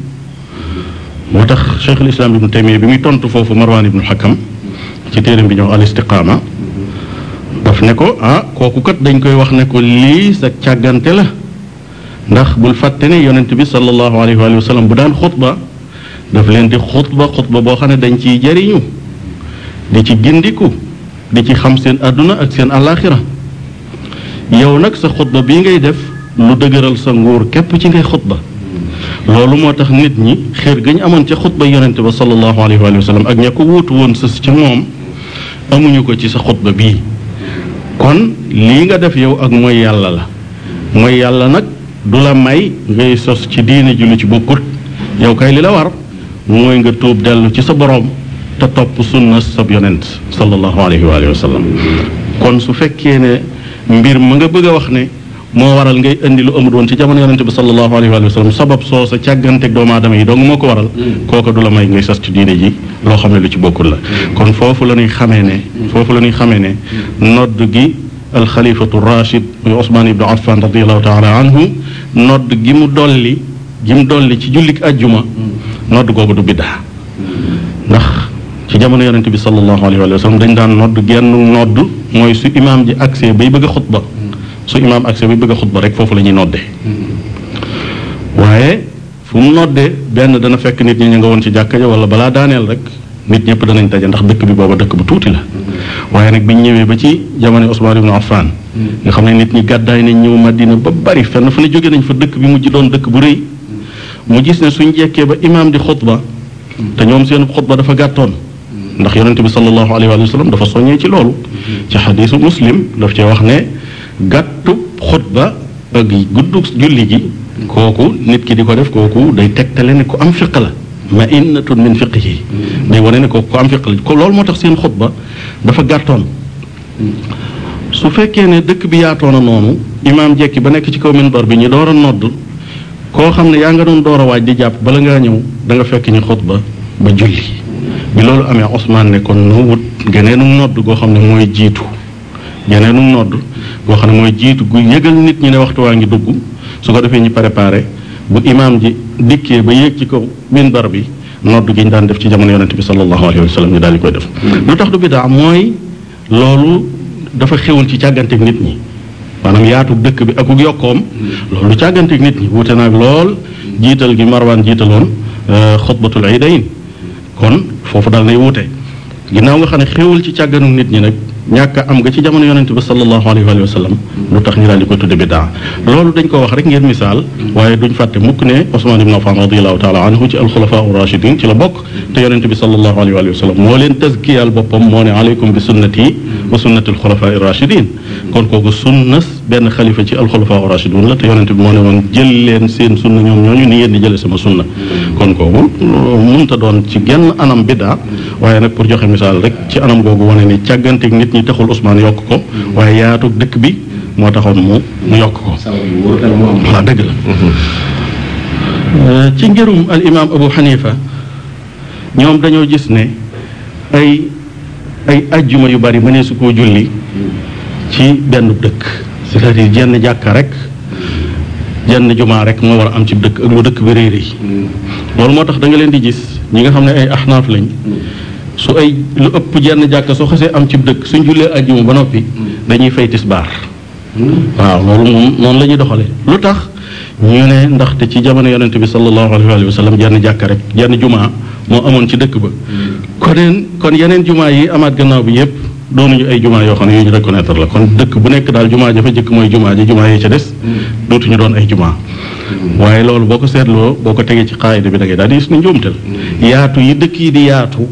moo tax cheikh al islam ibnu taymiya bi muy tontu foofu marwan ibnu xakam ci téeram bi ñëw al daf ne ko ah kooku kat dañ koy wax ne ko lii sa càggante la ndax bul fàtte ne yonent bi sallallahu alayhi wa sallam bu daan xutba daf leen di xutba xutba boo xam ne dañ ciy jariñu di ci gindiku di ci xam seen àdduna ak seen àllaaxira yow nag sa xutba bi ngay def lu dëgëral sa nguur képp ci ngay xutba loolu moo tax nit ñi xeer gañu amoon ca xutba yonente ba sallallahu alayhi wa sallam ak ña ko wuutu woon sës ca moom amuñu ko ci sa xutba bii kon lii nga def yow ak mooy yàlla la mooy yàlla nag du la may ngay sos ci diine ji lu ci bokkut yow kay li la war mooy nga tuub dellu ci sa boroom te topp sunna sab yonent sallallahu alayhi wa sallam kon su fekkee ne mbir ma nga bëgg a wax ne moo waral ngay indi lu amul woon ci jamono yonente bi sallallahu alayhi wa sallam sabab soo sa càgganteeg doomu aadama yi dong moo ko waral mm. kooka du la may ngay sas ci diine ji loo xam ne lu ci bokkul la mm. kon foofu la ñuy xamee ne mm. foofu la ñuy xamee ne nodd gi alxalifatu rachid muy osmaan ibnu affan radiallahu taala anhu nodd gi mu dolli gi mu dolli ci jullik ajjuma nodd kooku du biddaa ndax ci jamono yonente bi sallallahu alayhi wa sallam dañ daan nodd genn nodd mooy su imaam ji agsee bay bëgg a xutba su imaam ak bi bëgg a xutba rek foofu la ñuy nodde waaye fu mu noddee benn dana fekk nit ñi ñu nga woon ci jàkka ja wala balaa daaneel rek nit ñëpp danañ daje ndax dëkk bi booba dëkk bu tuuti la waaye nag bi ñu ñëwee ba ci jamono Ousmane ibn Affan nga xam ne nit ñi gàddaay nañ ñëw Madina ba bari fenn fu ne jóge nañ fa dëkk bi mujj doon dëkk bu rëy mu gis ne suñ jekkee ba imaam di xutba te ñoom seen xutba dafa gàttoon ndax yonente bi sallallahu alayhi wa sallam dafa soññee ci loolu ci xadiisu muslim wax ne gàttub xutba ak guddug julli gi kooku nit ki di ko def kooku day tegtale ne ku am fiq la ma innatun min fiqihi day wone ne kooku ku am fiq la ko loolu moo tax seen xutba dafa gàttoon su fekkee ne dëkk bi yaatoon na noonu imaam jekki ba nekk ci kaw minbar bi ñu door a nodd koo xam ne yaa nga doon door a waaj di jàpp bala ngaa ñëw da fekk ñu xutba ba julli bi loolu amee Ousmane ne kon na wut geneenu nodd goo xam ne mooy jiitu geneenu nodd boo xam ne mooy jiitu gu yëgal nit ñi ne waxtu waa ngi dugg su ko defee ñu préparé bu imaam ji dikkee ba yéeg ci kaw minbar bi noddu gi ñu daan def ci jamono yonente bi sallallahu alayhi wa sallam ñu daal di koy def lu tax du bidaa mooy loolu dafa xewoon ci càgganteeg nit ñi maanaam yaatu dëkk bi akuk yokkoom loolu càgganteeg nit ñi wuute naag lool jiital gi marwaan jiitaloon euh, xutbatul idayn kon foofu dal nay wuute ginnaaw nga xam ne xewul ci càgganu nit ñi nag ñàkk am nga ci jamono yonente bi sallallahu alayhi wa sallam lu tax ñu daal di ko tudde biddaa loolu dañ ko wax rek ngeen misaal waaye duñ fàtte mukk ne Ousmane ibn Affan radiallahu taala anhu ci alxulafa la bokk te yonente bi sallallahu alayhi wa sallam moo leen tazkiyal boppam moo ne aleykum bi sunnati wa sunnati alxulafa rachidin kon kooku sunnas benn xalifa ci alxulafaa rashidun la te yonente bi moo ne woon jël leen seen sunna ñoom ñooñu ni ngeen di jëlee sama sunna kon kooku munta doon ci genn anam biddaa waaye nag pour joxe misaal rek ci anam googu wane ni càgganteeg nit ñi taxul Ousmane yokk ko waaye yaatu dëkk bi moo taxoon mu mu yokk ko waaw dëgg la euh, ci ngirum al Abu Hanifa ñoom dañoo gis ne ay ay ajjuma yu bari mënee su koo julli ci benn dëkk cest à jenn jàkka rek jenn jumaa rek moo war a am ci dëkk ak lu dëkk bi réer yi loolu moo tax danga leen di gis ñi nga xam ne ay axnaaf lañ su ay lu ëpp jenn jàkka soo xasee am ci dëkk suñ jullee ajjuma ba noppi dañuy fay tisbaar waaw loolu moom noonu la ñuy doxalee lu tax ñu ne ndaxte ci jamono yonent bi sallallahu alayhi wa sallam jenn jàkka rek jenn jumaa moo amoon ci dëkk ba hmm. koneen kon yeneen jumaa yi amaat gannaaw bi yépp doonuñu ay jumaa yoo xam ne yu ñu reconnaître la kon dëkk bu nekk daal jumaa jafe jëkk mooy jumaa ji jumaa yi ca des mm. dootuñu doon ay jumaa mm. waaye loolu boo ko seetloo boo ko tegee ci xaayida bi da daal di gis ni njuumtal mm. yaatu yi dëkk yi di yaatu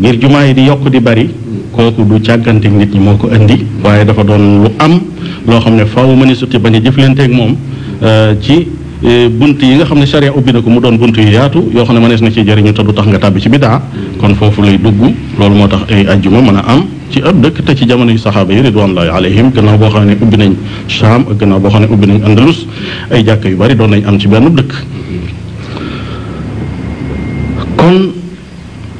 ngir jumaa yi di yokk di bari kooku du càggante nit moo ko indi waaye dafa doon lu am loo xam ne faaw mëni suti bañ a jëflanteeg moom euh, ci euh, bunt yi nga xam ne charia ubbi na ko mu doon bunt yu yaatu yoo xam ne mënees na ci jëriñu te du tax nga tàbbi ci bidaa kon foofu lay dugg loolu moo tax ay ajjuma mën a am ci ab dëkk te ci jamono yu saxaaba yi ridwanullahi alayhim gannaaw boo xam ne ubbi nañ Sham ak a boo xam ne ubbi nañ Andalus ay jàkka yu bari doon nañ am ci benn dëkk kon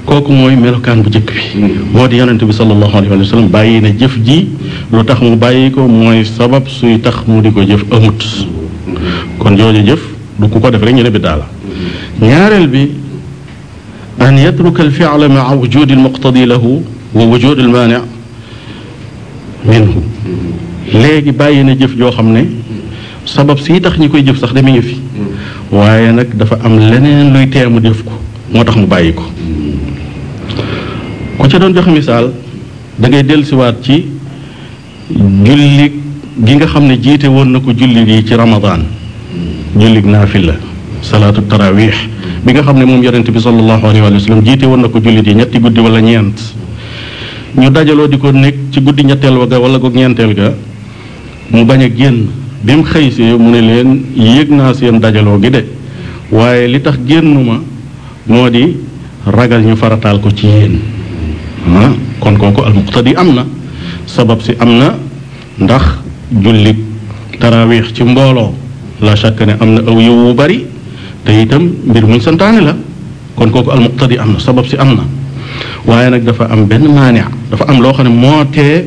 kooku mooy melokaan bu njëkk bi moo di yonente bi sallallahu alayhi wa bàyyi na jëf ji lu tax mu bàyyi ko mooy sabab suy tax mu di ko jëf amut kon jooju jëf du ku ko def rek ñu ne biddaa la ñaareel bi an yatruka al fi'la ma'a wujudi al muqtadi lahu wa wujudul maani minhu léegi bàyyi na jëf joo xam ne sabab sii tax ñi koy jëf sax dama ngi fi waaye nag dafa am leneen luy teemu jëf ko moo tax mu bàyyi ko ku ci doon jox misaal da ngay dellusiwaat ci julli gi nga xam ne jiite woon na ko julli yi ci ramadaan jullig naafila salaatu tarawiix bi nga xam ne moom yonente bi sallallahu alayhi wa sallam jiite woon na ko jullit yi ñetti guddi wala ñeent ñu dajaloo di ko nekk ci guddi ñetteel wa ga wala ko ñeenteel ga mu bañ a génn bi mu xëysee mu ne leen yéeg naa seen dajaloo gi de waaye li tax génnuma moo di ragal ñu farataal ko ci yéen ah kon kooku almuqtadi am na sabab si am na ndax jullit taraawiix ci mbooloo la chaque ne am na aw yow wu bari te itam mbir muñ santaane la kon kooku almuqtadi am na sabab si am na waaye nag dafa am benn maania dafa am loo xam ne moo tee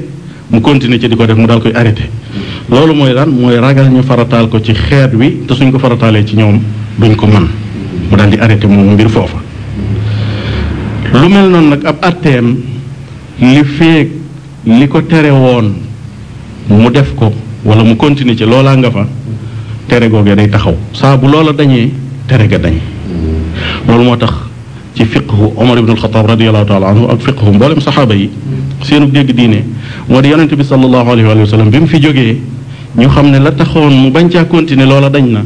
mu continuer ci di ko def mu dal koy arrêté loolu mooy lan mooy ragal ñu farataal ko ci xeet wi te suñ ko farataalee ci ñoom duñ ko man mu daal di arrêté moom mbir foofa lu mel noonu nag ab atteem li feeg li ko tere woon mu def ko wala mu continuer ci loolaa nga fa tere googee day taxaw saabu bu loola dañee tere ga dañ loolu moo tax ci fiqhu Omar ibn al-Khattab radiyallahu taala anhu ak fiqhu mboolem saxaaba yi seenu dégg diine moo di yonente bi sallallahu alayhi wa sallam bi mu fi jógee ñu xam ne la taxoon mu bañ caa continuer loola dañ na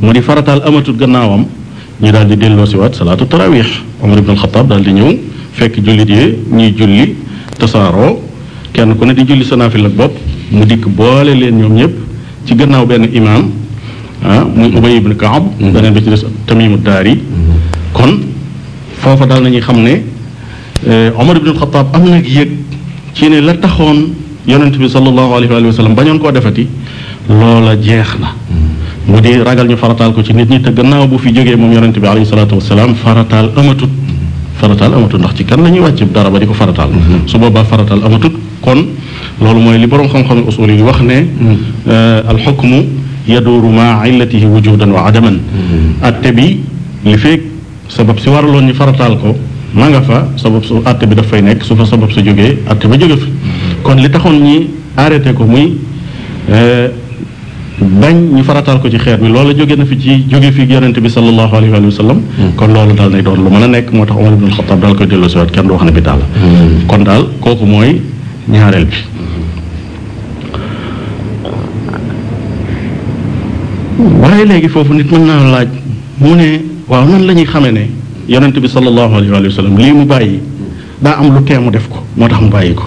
moo di farataal amatul gannaawam ñu daal di delloo si waat salaatu tarawix Omar ibn al-Khattab daal di ñëw fekk jullit yi ñuy julli tasaaroo kenn ku ne di julli sa naafil ak bopp mu dikk boole leen ñoom ñëpp ci gannaaw benn imaam ah muy Ubay ibn Kaab beneen bi ci des Tamimu Daari foofa daal nañuy xam ne euh, Omar ibnul Xataab am nag yëg ci ne la taxoon yonent bi sallallahu alayhi wa sallam bañoon koo defati loola jeex na mu di ragal ñu farataal ko ci nit ñi te gannaaw bu fi jógee moom yonent bi alayhi salaatu farataal amatut farataal amatut ndax ci kan la ñuy wàcc dara ba di ko farataal su boobaa farataal amatut kon loolu mooy li boroom xam-xam usul yi wax ne euh, alxukmu yaduuru maa illatihi wujudan wa adaman
mm-hmm.
atte bi li fekk sabab si waraloon ñu farataal ko ma nga fa sabab su àtte bi daf fay nekk su fa sabab su jógee àtte ba jóge fa mm-hmm. kon li taxoon ñi arrêté ko muy eh, bañ ñu farataal ko ci xeer mi loola jóge na fi ci jóge fi yonent bi sallallahu alayhi wa sallam mm-hmm. kon loolu daal day doon lu mën a nekk moo tax Omar ibn Xattaab daal koy dellu si waat kenn du wax ne mm-hmm. kon daal kooku mooy ñaareel nit mën naa laaj mu ne waaw nan la ñuy xamee ne yenent bi sallallahu alayhi wa lii mu bàyyi daa am lu teemu def ko moo tax mu bàyyi ko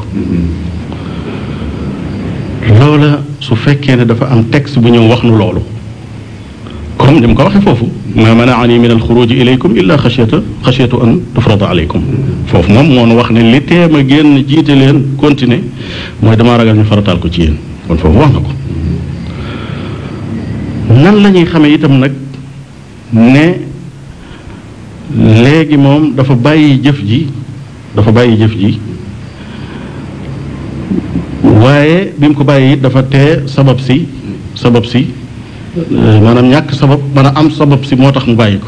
loola su fekkee ne dafa am texte bu ñëw wax nu loolu comme ni mu ko waxee foofu ma manaani min alxuruji ilaykum illa xasiyata xasiyatu an tufrada alaykum foofu moom moo nu wax ne li teem a génn jiite leen continuer mooy dama ragal ñu farataal ko ci yéen kon foofu wax na ko nan la ñuy itam nag ne léegi moom dafa bàyyi jëf ji dafa bàyyi jëf ji waaye bi mu ko bàyyi dafa tee sabab si sabab si euh, maanaam ñàkk sabab mën a am sabab si moo tax mu bàyyi ko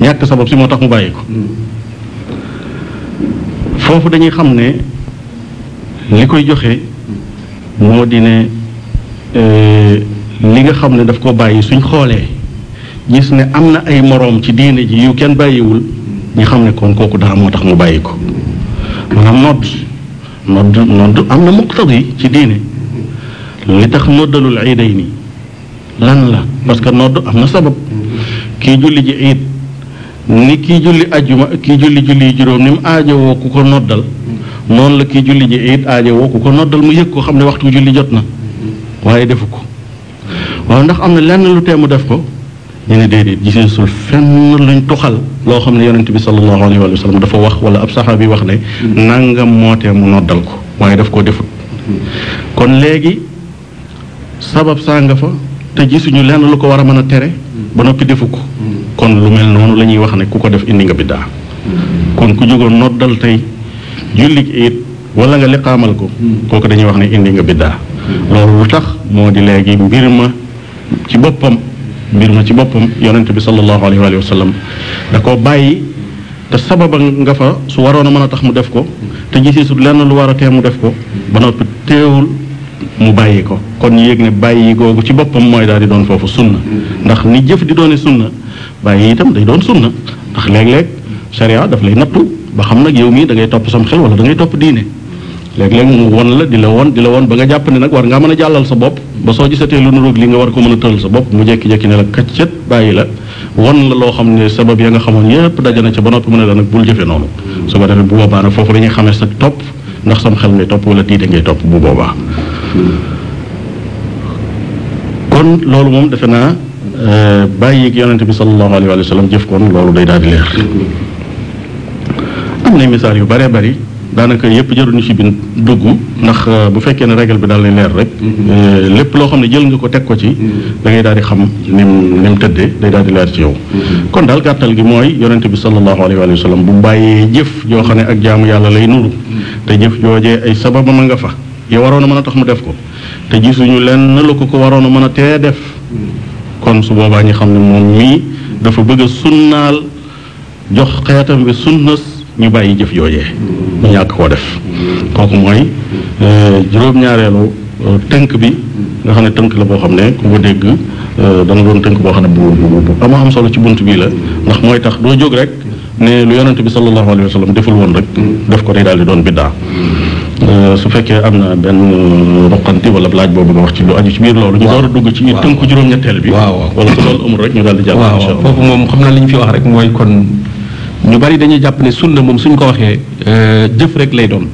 ñàkk sabab si moo tax mu bàyyi ko foofu dañuy xam ne li koy joxe moo dine ne euh, li nga xam ne daf koo bàyyi suñ xoolee gis ne am na ay moroom ci diine ji yu kenn bàyyiwul ñu xam ne kon kooku dara moo tax mu bàyyi ko maanaam nodd nodd nodd am na muqtadi ci diine li tax noddalul iiday la parce que nodd am na sabab kii julli ji iid ni kii julli ajjuma kii julli julli juróom ni mu aajowoo ku ko noddal noonu la kii julli ji iid aajowoo ku ko noddal mu yëg ko xam ne waxtu julli jot na waaye defu ko waaw ndax am na lenn lu tee mu def ko ñu ne déedéet gisul fenn luñ toxal loo xam ne yonent bi sallallahu alayhi wa sallam dafa wax wala ab saxaabi wax ne nangam mootee mu noddal ko waaye daf koo defut kon léegi sabab saa nga fa te jisuñu lenn lu ko war a mën a tere ba noppi defu ko kon lu mel noonu la ñuy wax ne ku ko def indi nga biddaa kon ku jógoon noddal tey jullig it wala nga liqaamal ko kooku dañuy wax ne indi nga biddaa loolu lu tax moo di léegi mbir ma ci boppam mbir ma ci boppam yonent bi sallallahu alayhi wa sallam da koo bàyyi te sababa nga fa su waroon a mën a tax mu def ko te giseesul lenn lu war a tee mu def ko ba noppi teewul mu bàyyi ko kon yéeg ne bàyyi googu ci boppam mooy daal di doon foofu sunna ndax ni jëf di doone sunna bàyyi itam day doon sunna ndax léeg-léeg sharia daf lay nattu ba xam nag yow mii da topp sam xel wala da ngay topp diine léegi léeg mu won la di la won di la won ba nga jàpp ne nag war ngaa mën a jàllal sa bopp ba soo gisatee lu nuróog li nga war ko mën a tëral sa bopp mu jekki-jekki ne la kaccet bàyyi la won la loo xam ne sabab ya nga xamoon yépp dajana ca ba noppi mu ne la nag bul jëfe noonu su ko defee bu boobaa nag foofu la ñuy xamee sa topp ndax sam xel ngay topp wala diide ngay topp bu boobaa kon loolu moom defe naa euh, bàyyi yonente bi sallallahu alayhi wa sallam jëf kon loolu day daal di leer am na misaal yu bare bari daanaka yëpp jaruñu ci bin dugg ndax euh, bu fekkee ne régal bi daal lay leer rek mm-hmm. euh, lépp loo xam ne jël nga ko teg ko ci mm-hmm. da daal di xam ni mu tëddee day daal di leer ci yow mm-hmm. kon daal gàttal gi mooy yonente bi sallallahu alayhi wa sallam bu bàyyee jëf joo xam ne ak jaamu yàlla lay nuru te jëf joojee ay sababa ma nga fa yow waroon a mën a tax mu def ko te gisuñu lenn la ko ko waroon a mën a tee def kon su boobaa ñu xam ne moom mii dafa bëgg a sunnaal jox xeetam bi sunnas ñu bàyyi jëf yooyee ñu ñàkk koo def kooku mooy euh, juróom-ñaareelu euh, tënk bi nga xam ne tënk la boo xam ne ku ko dégg euh, dana doon tënk boo xam ne bu bu ama am solo ci bunt bii la ndax mooy tax doo jóg rek ne lu yonent bi sallallahu alayhi wa sallam deful woon rek def ko daal di doon biddaa su fekkee am na benn roqanti wala laaj boobu nga wax ci lu aju ci biir loolu ñu door a dugg ci tënku juróom-ñetteel bi waaw wala
rek ñu daal di jàll waaw foofu moom xam naa li ñu fi wax rek mooy kon ñu bari dañuy jàpp ne sunna moom suñ ko waxee euh, jëf rek lay doon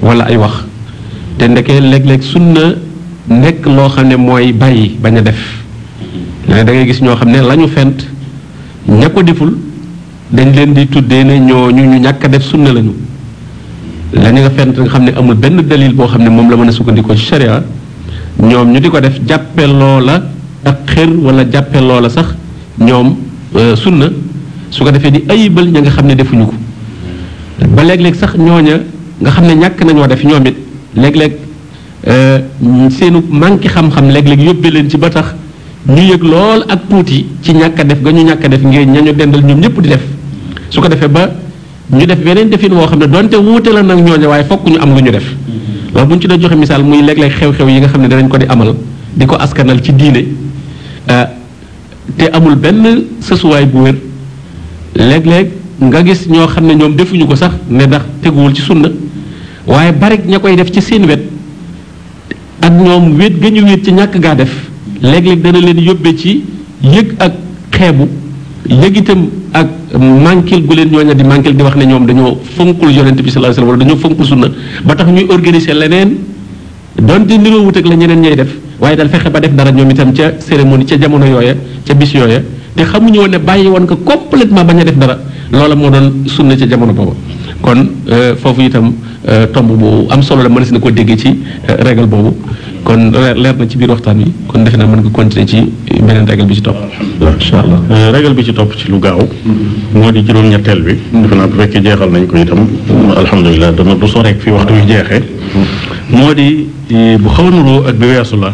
wala ay wax te ndekee léeg-léeg sunna nekk loo xam ne mooy bàyyi bañ a def da dangay gis ñoo xam ne lañu ñu fent ña ko deful dañ leen di tuddee ne ñoo ñu ñu ñàkk a def sunna lañu la ñu nga fent nga xam ne amul benn dalil boo xam ne moom la mën a sukkandikoo sharia ñoom ñu di ko def jàppe loola ak xër wala jàppe loola sax ñoom euh, sunna su ko defee di ayibal ña nga xam ne defuñu ko ba léeg-léeg sax ñooña nga xam ne ñàkk nañoo def ñoom it léeg-léeg euh, seenu manqué xam-xam léeg-léeg yóbbee leen ci ba tax ñu yëg lool ak tuuti ci ñàkk def ga ñu ñàkk def ngir ñañu dendal ñoom ñëpp di def su ko defee ba ñu def beneen defin woo xam ne donte wuute la nag ñooña waaye fokk ñu am lu ñu def loolu bu ñu ci doon joxe misaal muy léeg-léeg xew-xew yi nga xam ne danañ ko di amal di ko askanal ci diine euh, te amul benn sësuwaay bu wér léeg-léeg nga gis ñoo xam ne ñoom defuñu ko sax ne ndax teguwul ci sunna waaye bari ña koy def ci seen wet ak ñoom wet ga ñu wet ci ñàkk gaa def léeg-léeg dana leen yóbbee ci yëg ak xeebu yëg itam ak manquil gu leen ñooña di manquil di wax ne ñoom dañoo fonkul yonent bi sallallahu alayhi wasallam dañoo fonkul sunna ba tax ñuy organiser leneen donte niroo wut ak la ñeneen ñay def waaye dal fexe ba def dara ñoom itam ca cérémonie ca jamono yooya ca bis yooya te xamuñoo woon ne bàyyi woon ko complètement bañ a def dara loola moo doon na ci jamono boobu kon euh, foofu itam euh, tomb bu am solo la si na ko déggee ci euh, régal boobu kon leer na ci biir waxtaan wi kon defe naa mën ko continuer ci beneen régal bi ci topp. incha allah régal bi ci topp ci lu gaaw. moo di juróom-ñetteel bi. Mm-hmm. defe naa bu fekkee
jeexal nañ ko itam. Mm-hmm. alhamdulilah dana du so rek fi waxtu wi jeexee. Mm-hmm. moo di bu xaw a nuroo ak bi weesu la.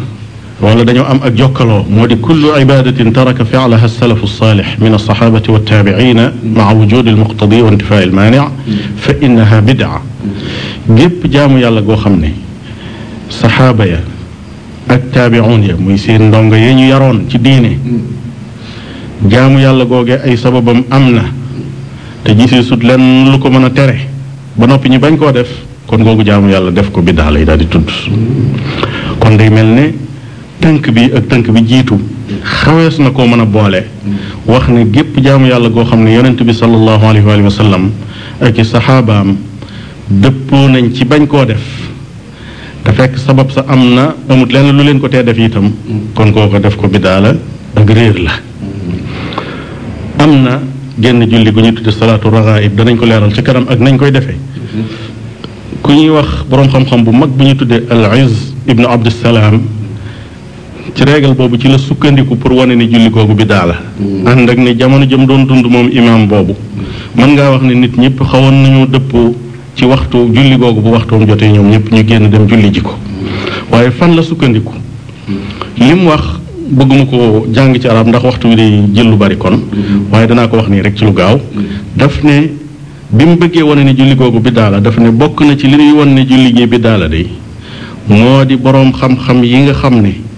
wala dañoo am ak jokkaloo moo di kullu ibadatin taraka fialaha salafu saalix min alsaxabati waltaabicina maa wujudi almuqtadi wa intifaa almaanic fa innaha bidaa gépp jaamu yàlla goo xam ne saxaaba ya ak taabicuun ya muy seen ndongo ya ñu yaroon ci diine jaamu yàlla googee ay sababam am na te gisee sut lenn lu ko mën a tere ba noppi ñu bañ koo def kon googu jamu yàlla def ko biddaa lay daal di tudd tënk bi ak tànk bi jiitu xawees na koo mën a boole wax ne gépp jaamu yàlla goo xam ne yonent bi sallallahu alayhi wa sallam ak saxaabaam dëppoo nañ ci bañ koo def te fekk sabab sa am na amut lenn lu leen ko tee def itam kon koo def ko biddaa la la am na genn julli gu ñu tudde salaatu ragaib danañ ko leeral ci kanam ak nañ koy defee ku ñuy wax boroom xam-xam bu mag bu ñu tudde al Izz ibnu Abdissalaam ci régal boobu ci la sukkandiku pour wane ni julli googu bi daa la mm. ànd ak ne jamono jëm doon dund moom imaam boobu mën ngaa wax ne nit ñëpp xawoon nañu dëppoo ci waxtu julli googu bu waxtoom jotee ñoom ñëpp ñu génn dem julli ji ko waaye fan la sukkandiku mm. lim wax bëgguma ko jàng ci arab ndax waxtu wi day jël lu bari kon mm. waaye danaa ko wax nii rek ci lu gaaw daf ne bi mu bëggee wane ne julli googu biddaa la daf ne bokk na ci li ñuy wan ne julli gi biddaa la moo di boroom xam yi nga xam ne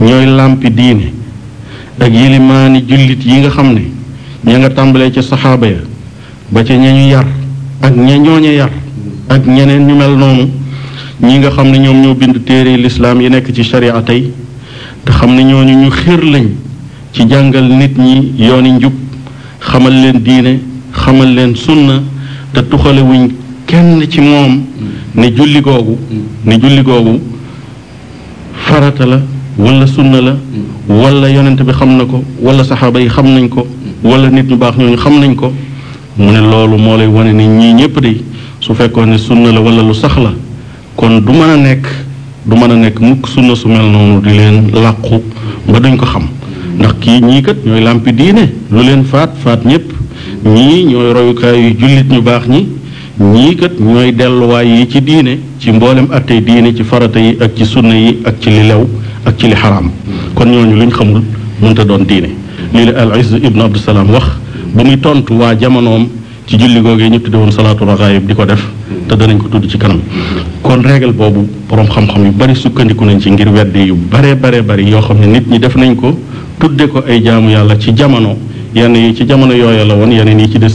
ñooy làmpi diine ak yilimaani jullit yi nga xam ne ña nga tàmbalee ca saxaaba ya ba ca ña ñu yar ak ña ñooña yar ak ñeneen ñu mel noonu ñi nga xam ne ñoom ñoo bind téere lislaam yi nekk ci sharia tey te xam ne ñooñu ñu xér lañ ci jàngal nit ñi yooni njub xamal leen diine xamal leen sunna te tuxalewuñ kenn ci moom ne julli googu ne julli googu farata la wala sunna la mm. wala yonent bi xam na ko wala saxaaba yi xam nañ ko mm. wala nit ñu baax ñooñu xam nañ ko mu ne loolu moo lay wane ni ñii ñëpp de su fekkoon ne sunna la wala lu sax la kon du mën a nekk du mën a nekk mukk sunna su mel noonu di leen làqu ba duñ ko xam ndax kii ñii kat ñooy làmpi diine lu leen faat faat ñëpp ñii ñooy royukaay ñu baax ñi ñii kat ñooy delluwaay yi ci diine ci mboolem attey diine ci farata yi ak ci sunna yi ak ci li lew ak ci li xaraam kon ñooñu luñ xamul mënta doon diine lii la al izz ibnu abdusalaam wax ba muy tontu waa jamonoom ci julli googee ñu tudde woon salaatu raxaayib di ko def te danañ ko tudd ci kanam kon régal boobu boroom xam-xam yu bari sukkandiku nañ ci ngir weddi yu bare bare bari yoo xam ne nit ñi def nañ ko tudde ko ay jaamu yàlla ci jamono yenn yi ci jamono yooya la woon yeneen yi ci des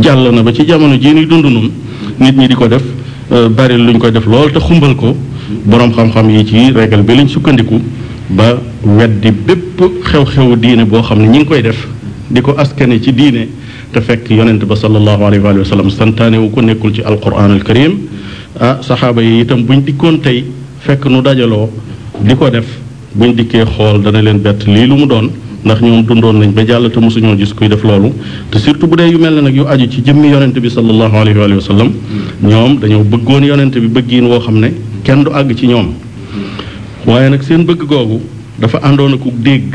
jàll na ba ci jamono jii ñuy dund nun nit ñi di ko def bari luñ koy def lool te xumbal ko boroom xam-xam yi ci régal bi lañ sukkandiku ba weddi bépp xew-xewu diine boo xam ne ñi ngi koy def di ko askane ci diine te fekk yonent ba sallallahu alayhi wa sallam santaane wu ko nekkul ci alquran al karim ah saxaaba yi itam buñ dikkoon tey fekk nu dajaloo di ko def bu ñu dikkee xool dana leen bett lii lu mu doon ndax ñoom dundoon nañ ba jàll te mosuñoo gis kuy def loolu te surtout bu dee yu mel na nag yu aju ci jëmmi yonent bi sallallahu alayhi wa sallam ñoom dañoo bëggoon yonent bi bëggiin woo xam ne kenn du àgg ci ñoom waaye nag seen bëgg googu dafa àndoon ak dégg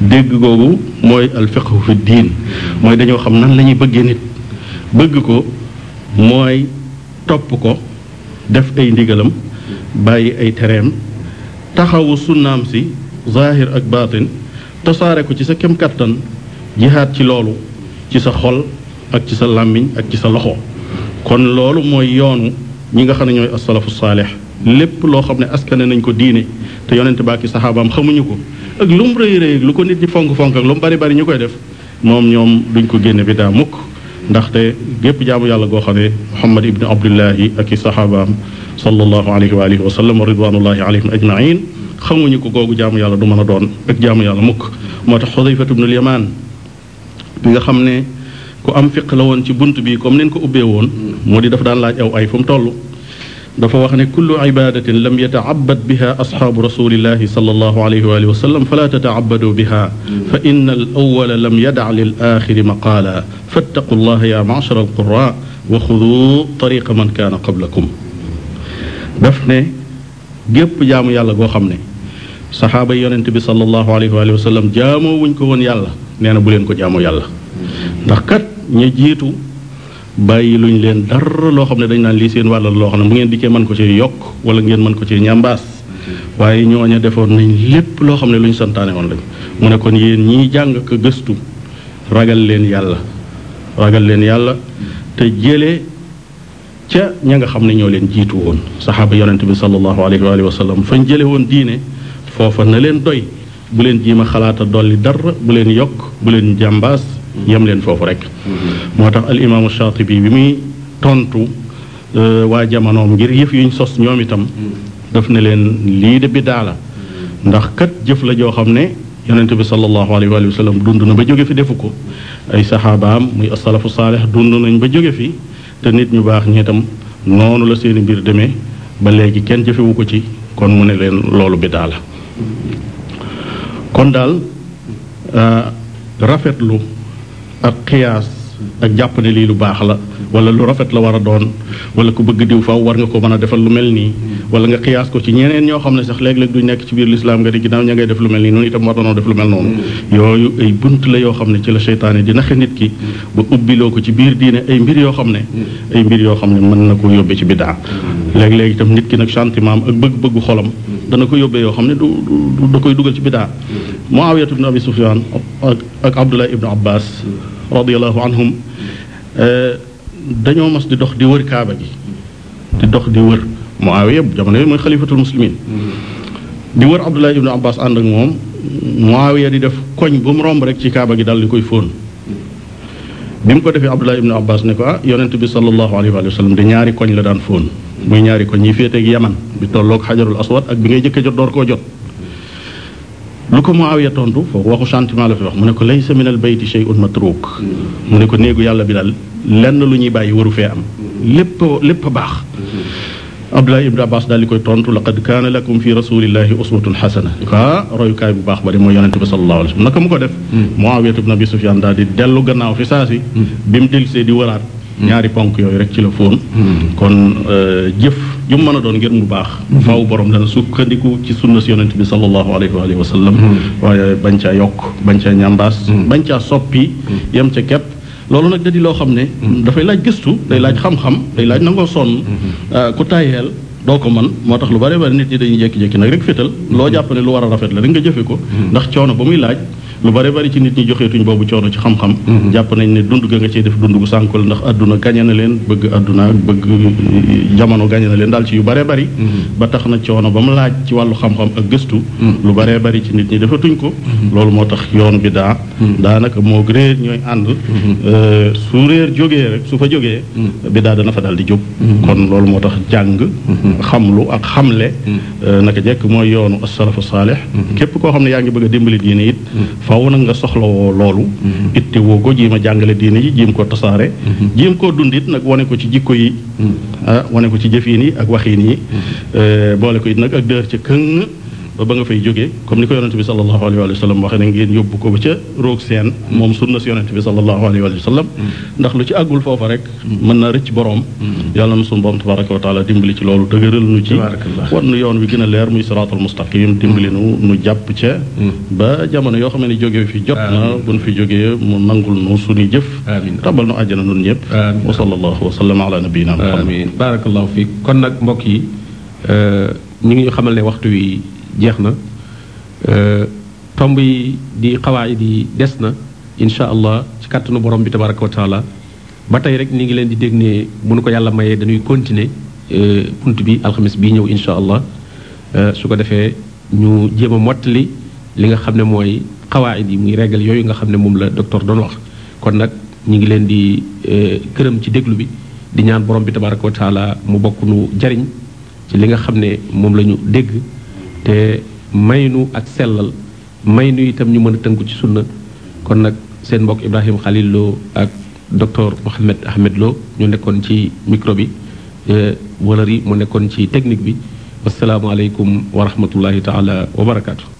dégg googu mooy alfiqhu fi diin mooy dañoo xam nan lañuy bëgge nit bëgg ko mooy topp ko def ay ndigalam bàyyi ay tereem taxawu sunnaam si zahir ak baatin tosaare ko ci sa kem kattan jihaat ci loolu ci sa xol ak ci sa làmmiñ ak ci sa loxo kon loolu mooy yoonu ñi nga xam ne ñooy asalafu saalix lépp loo xam ne askane nañ ko diine te yonente baaki saxaabaam xamuñu ko ak lu mu rëy rëy lu ko nit ñi fonk-fonk ak lu mu bari bari ñu koy def moom ñoom duñ ko génne bi daa mukk ndaxte gépp jaamu yàlla goo xam ne muhammad ibni abdullahi ak i saxaabaam sallallahu alayhi wa alihi wa sallam wa ridwanullahi alayhim ajmain xamuñu ko googu jaamu yàlla du mën a doon ak jaamu yàlla mukk moo tax xudayfatu ibnul yamaan bi nga xam ne ku am fiq la woon ci bunt bi comme nen ko ubbee woon moo di dafa daan laaj aw ay fu mu toll dafa wax ne kullu ibadatin lam yataabad biha asxaabu rasulillahi sallallahu alayhi wa alihi wa sallam fala tataabadu biha fa in al awala lam yadac lil axiri maqaala fattaqu llaha ya machara al qura wa xudu tariqa man kaana qablakum daf ne gépp jaamu yàlla goo xam ne saxaaba yi yonente bi sallallahu alayhi wa alihi wa sallam jaamoo wuñ ko woon yàlla nee na bu leen ko jaamoo yàlla ndax kat ña jiitu bàyyi luñ leen dara loo xam ne dañ naan lii seen wàllal loo xam ne bu ngeen dikkee mën ko ci yokk wala ngeen mën ko ci ñambaas waaye ñooña defoon nañ lépp loo xam ne lu ñu santaane woon lañ mu ne kon yéen ñiy jàng ko gëstu ragal leen yàlla ragal leen yàlla te jële ca ña nga xam ne ñoo leen jiitu woon saxaaba yonente bi sallallahu alayhi wa sallam fañ jële woon diine foofa na leen doy bu leen jiima xalaata dolli dara bu leen yokk bu leen jàmbaas yem leen foofu rek moo tax al imaamu Shaatibi bi muy tontu euh, waa jamonoom ngir yëf yu ñu sos ñoom itam daf ne leen lii de bidaa la ndax kat jëf la joo xam ne yonente bi sallallahu alayhi wa sallam dund na ba jóge fi defu ko ay saxaabaam muy asalafu saaleh dund nañ ba jóge fi te nit ñu baax ñi itam noonu la seeni mbir demee ba léegi kenn jëfewu ko ci kon mu ne leen loolu bidaa la kon daal euh, rafetlu ak xiyaas ak jàpp lii lu baax la wala lu rafet la war a doon wala ku bëgg diw faw war nga ko mën a defal lu mel nii wala nga xiyaas ko ci ñeneen ñoo xam ne sax léeg-léeg duñ nekk ci biir lislaam nga di ginnaaw ña ngay def lu mel nii noonu itam war nañoo def lu mel noonu yooyu ay bunt la yoo xam ne ci la seytaane di naxe nit ki ba ubbiloo ko ci biir diine ay mbir yoo xam ne ay mbir yoo xam ne mën na ko yóbbe ci biddaa léeg-léeg itam nit ki nag sentiment ak bëgg-bëggu xolam dana ko yóbbee yoo xam ne du da koy dugal ci biddaa Muawiyat ibn Abi Sufyan ak ak Abdullah ibn Abbas radiyallahu anhum eh, dañoo mas di dox di wër Kaaba gi di dox di wër Muawiya jamono yooyu mooy xalifatul muslimin di wër Abdullah ibn Abbas ànd ak moom Muawiya di def koñ bu mu romb rek ci Kaaba gi daal di koy fóon bi mu ko defee Abdullah ibn Abbas ne ko ah yonent bi sallallahu alayhi wa sallam di ñaari koñ la daan fóon muy ñaari koñ yi féeteeg Yaman bi tolloog xajarul aswad ak bi ngay jëkk a jot door koo jot lu ko Muawiya tontu foofu waxu sentiment la fi wax mu ne ko laysa minal bayti shay'un matruk mu ne ko néegu yàlla bi daal lenn lu ñuy bàyyi waru fee am lépp lépp baax Abdullah ibn Abbas daal di koy tontu laqad kaana lakum fi rasulillahi uswatun xasana di ko ah royukaay bu baax ba de mooy yonente bi sallallahu alayhi wa sallam ko def Muawiyat ibn Abi Sufyan daal di dellu gannaaw fi saasi bi mu dellusee di waraat ñaari ponk yooyu rek ci la fóon hmm. kon euh, jëf ju mën a doon ngir mu baax mhm. faaw borom dana sukkandiku ci sunna si yonent bi sallallahu alayhi wa sallam mhm. waaye bañ caa yokk bañ caa ñambaas mhm. bañ caa soppi yem ca kepp loolu nag da loo xam ne dafay laaj gëstu day laaj xam-xam day laaj nangoo sonn ah, ku tayeel doo ko man moo tax lu bare bare nit ñi dañuy jékki-jékki nag rek fétal loo jàpp lu war a rafet la rek nga jëfe ko ndax coono ba muy laaj lu bare bari ci nit ñi joxee tuñ boobu coono ci xam-xam mm-hmm. jàpp nañ ne dund ga nga cee def dund gu sànku la ndax àdduna gañe na leen bëgg àdduna ak bëgg euh, jamono gañe na leen daal ci yu bare bari mm-hmm. ba tax na coono ba mu laaj ci wàllu xam-xam ak gëstu mm-hmm. lu bare bari ci nit ñi defatuñ ko loolu moo tax yoon bi daa daanaka moo réer ñooy ànd euh, jógee rek su fa jógee bi daa dana fa daal di jóg kon loolu moo tax jàng xamlu ak xamle euh, naka jekk mooy yoonu asalafu saalih képp koo xam ne yaa ngi bëgg a dimbali diine it faw nag nga soxlawoo loolu mm-hmm. itte woo ko jéem ma jàngale diine ji jéem koo tasaare mm-hmm. jéem koo dund it nag wane ko ci jikko yi mm-hmm. ah wane ko ci jëfiin yi ak waxin yi eh, boole ko it nag ak dër ci këng ba ba nga fay jógee comme ni ko yonente bi salallahu alayhi wa sallam waxee na ngeen yóbbu ko ba ca roog seen moom sunna si yonente bi salallahu alayhi wa sallam ndax lu ci àggul foofa rek mën na rëcc borom yàlla na sunu borom tabaraka wa taala dimbali ci loolu dëgëral nu ci yoon wi gën a leer muy siraatul mustaqim dimbali nu nu jàpp ca mm. ba jamono yoo xam ne jóge fi jot na buñ fi jógee mu nangul nu suñuy jëf tabal nu àjjana nun ñëpp wa
sallallahu wa sallam ala nabiyina muhammad barakallahu fi kon nag mbokk yi euh, ñu ngi xamal waxtu wi jeex na euh, tomb yi di xawaay di des na incha allah ci kàttanu borom bi tabaraka wa ba tey rek ni ngi leen di dégg ne bu nu ko yàlla mayee dañuy continuer punt euh, bi alxamis bii ñëw incha allah euh, su ko defee ñu jéem a mottali li nga xam ne mooy xawaayit yi muy regal yooyu nga xam ne moom la docteur doon wax kon nag ñu ngi leen di këram ci déglu bi di ñaan borom bi tabaraka wa mu bokk nu jariñ ci li nga xam ne moom la ñu dégg te may nu ak sellal may nu itam ñu mën a tënku ci sunna kon nag seen mbokk Ibrahima Khalil ak docteur Mohamed Ahmed Lo ñu nekkoon ci micro bi wala ri mu nekkoon ci technique bi wasalaamualeykum wa rahmatullahi taala wa barakaatu.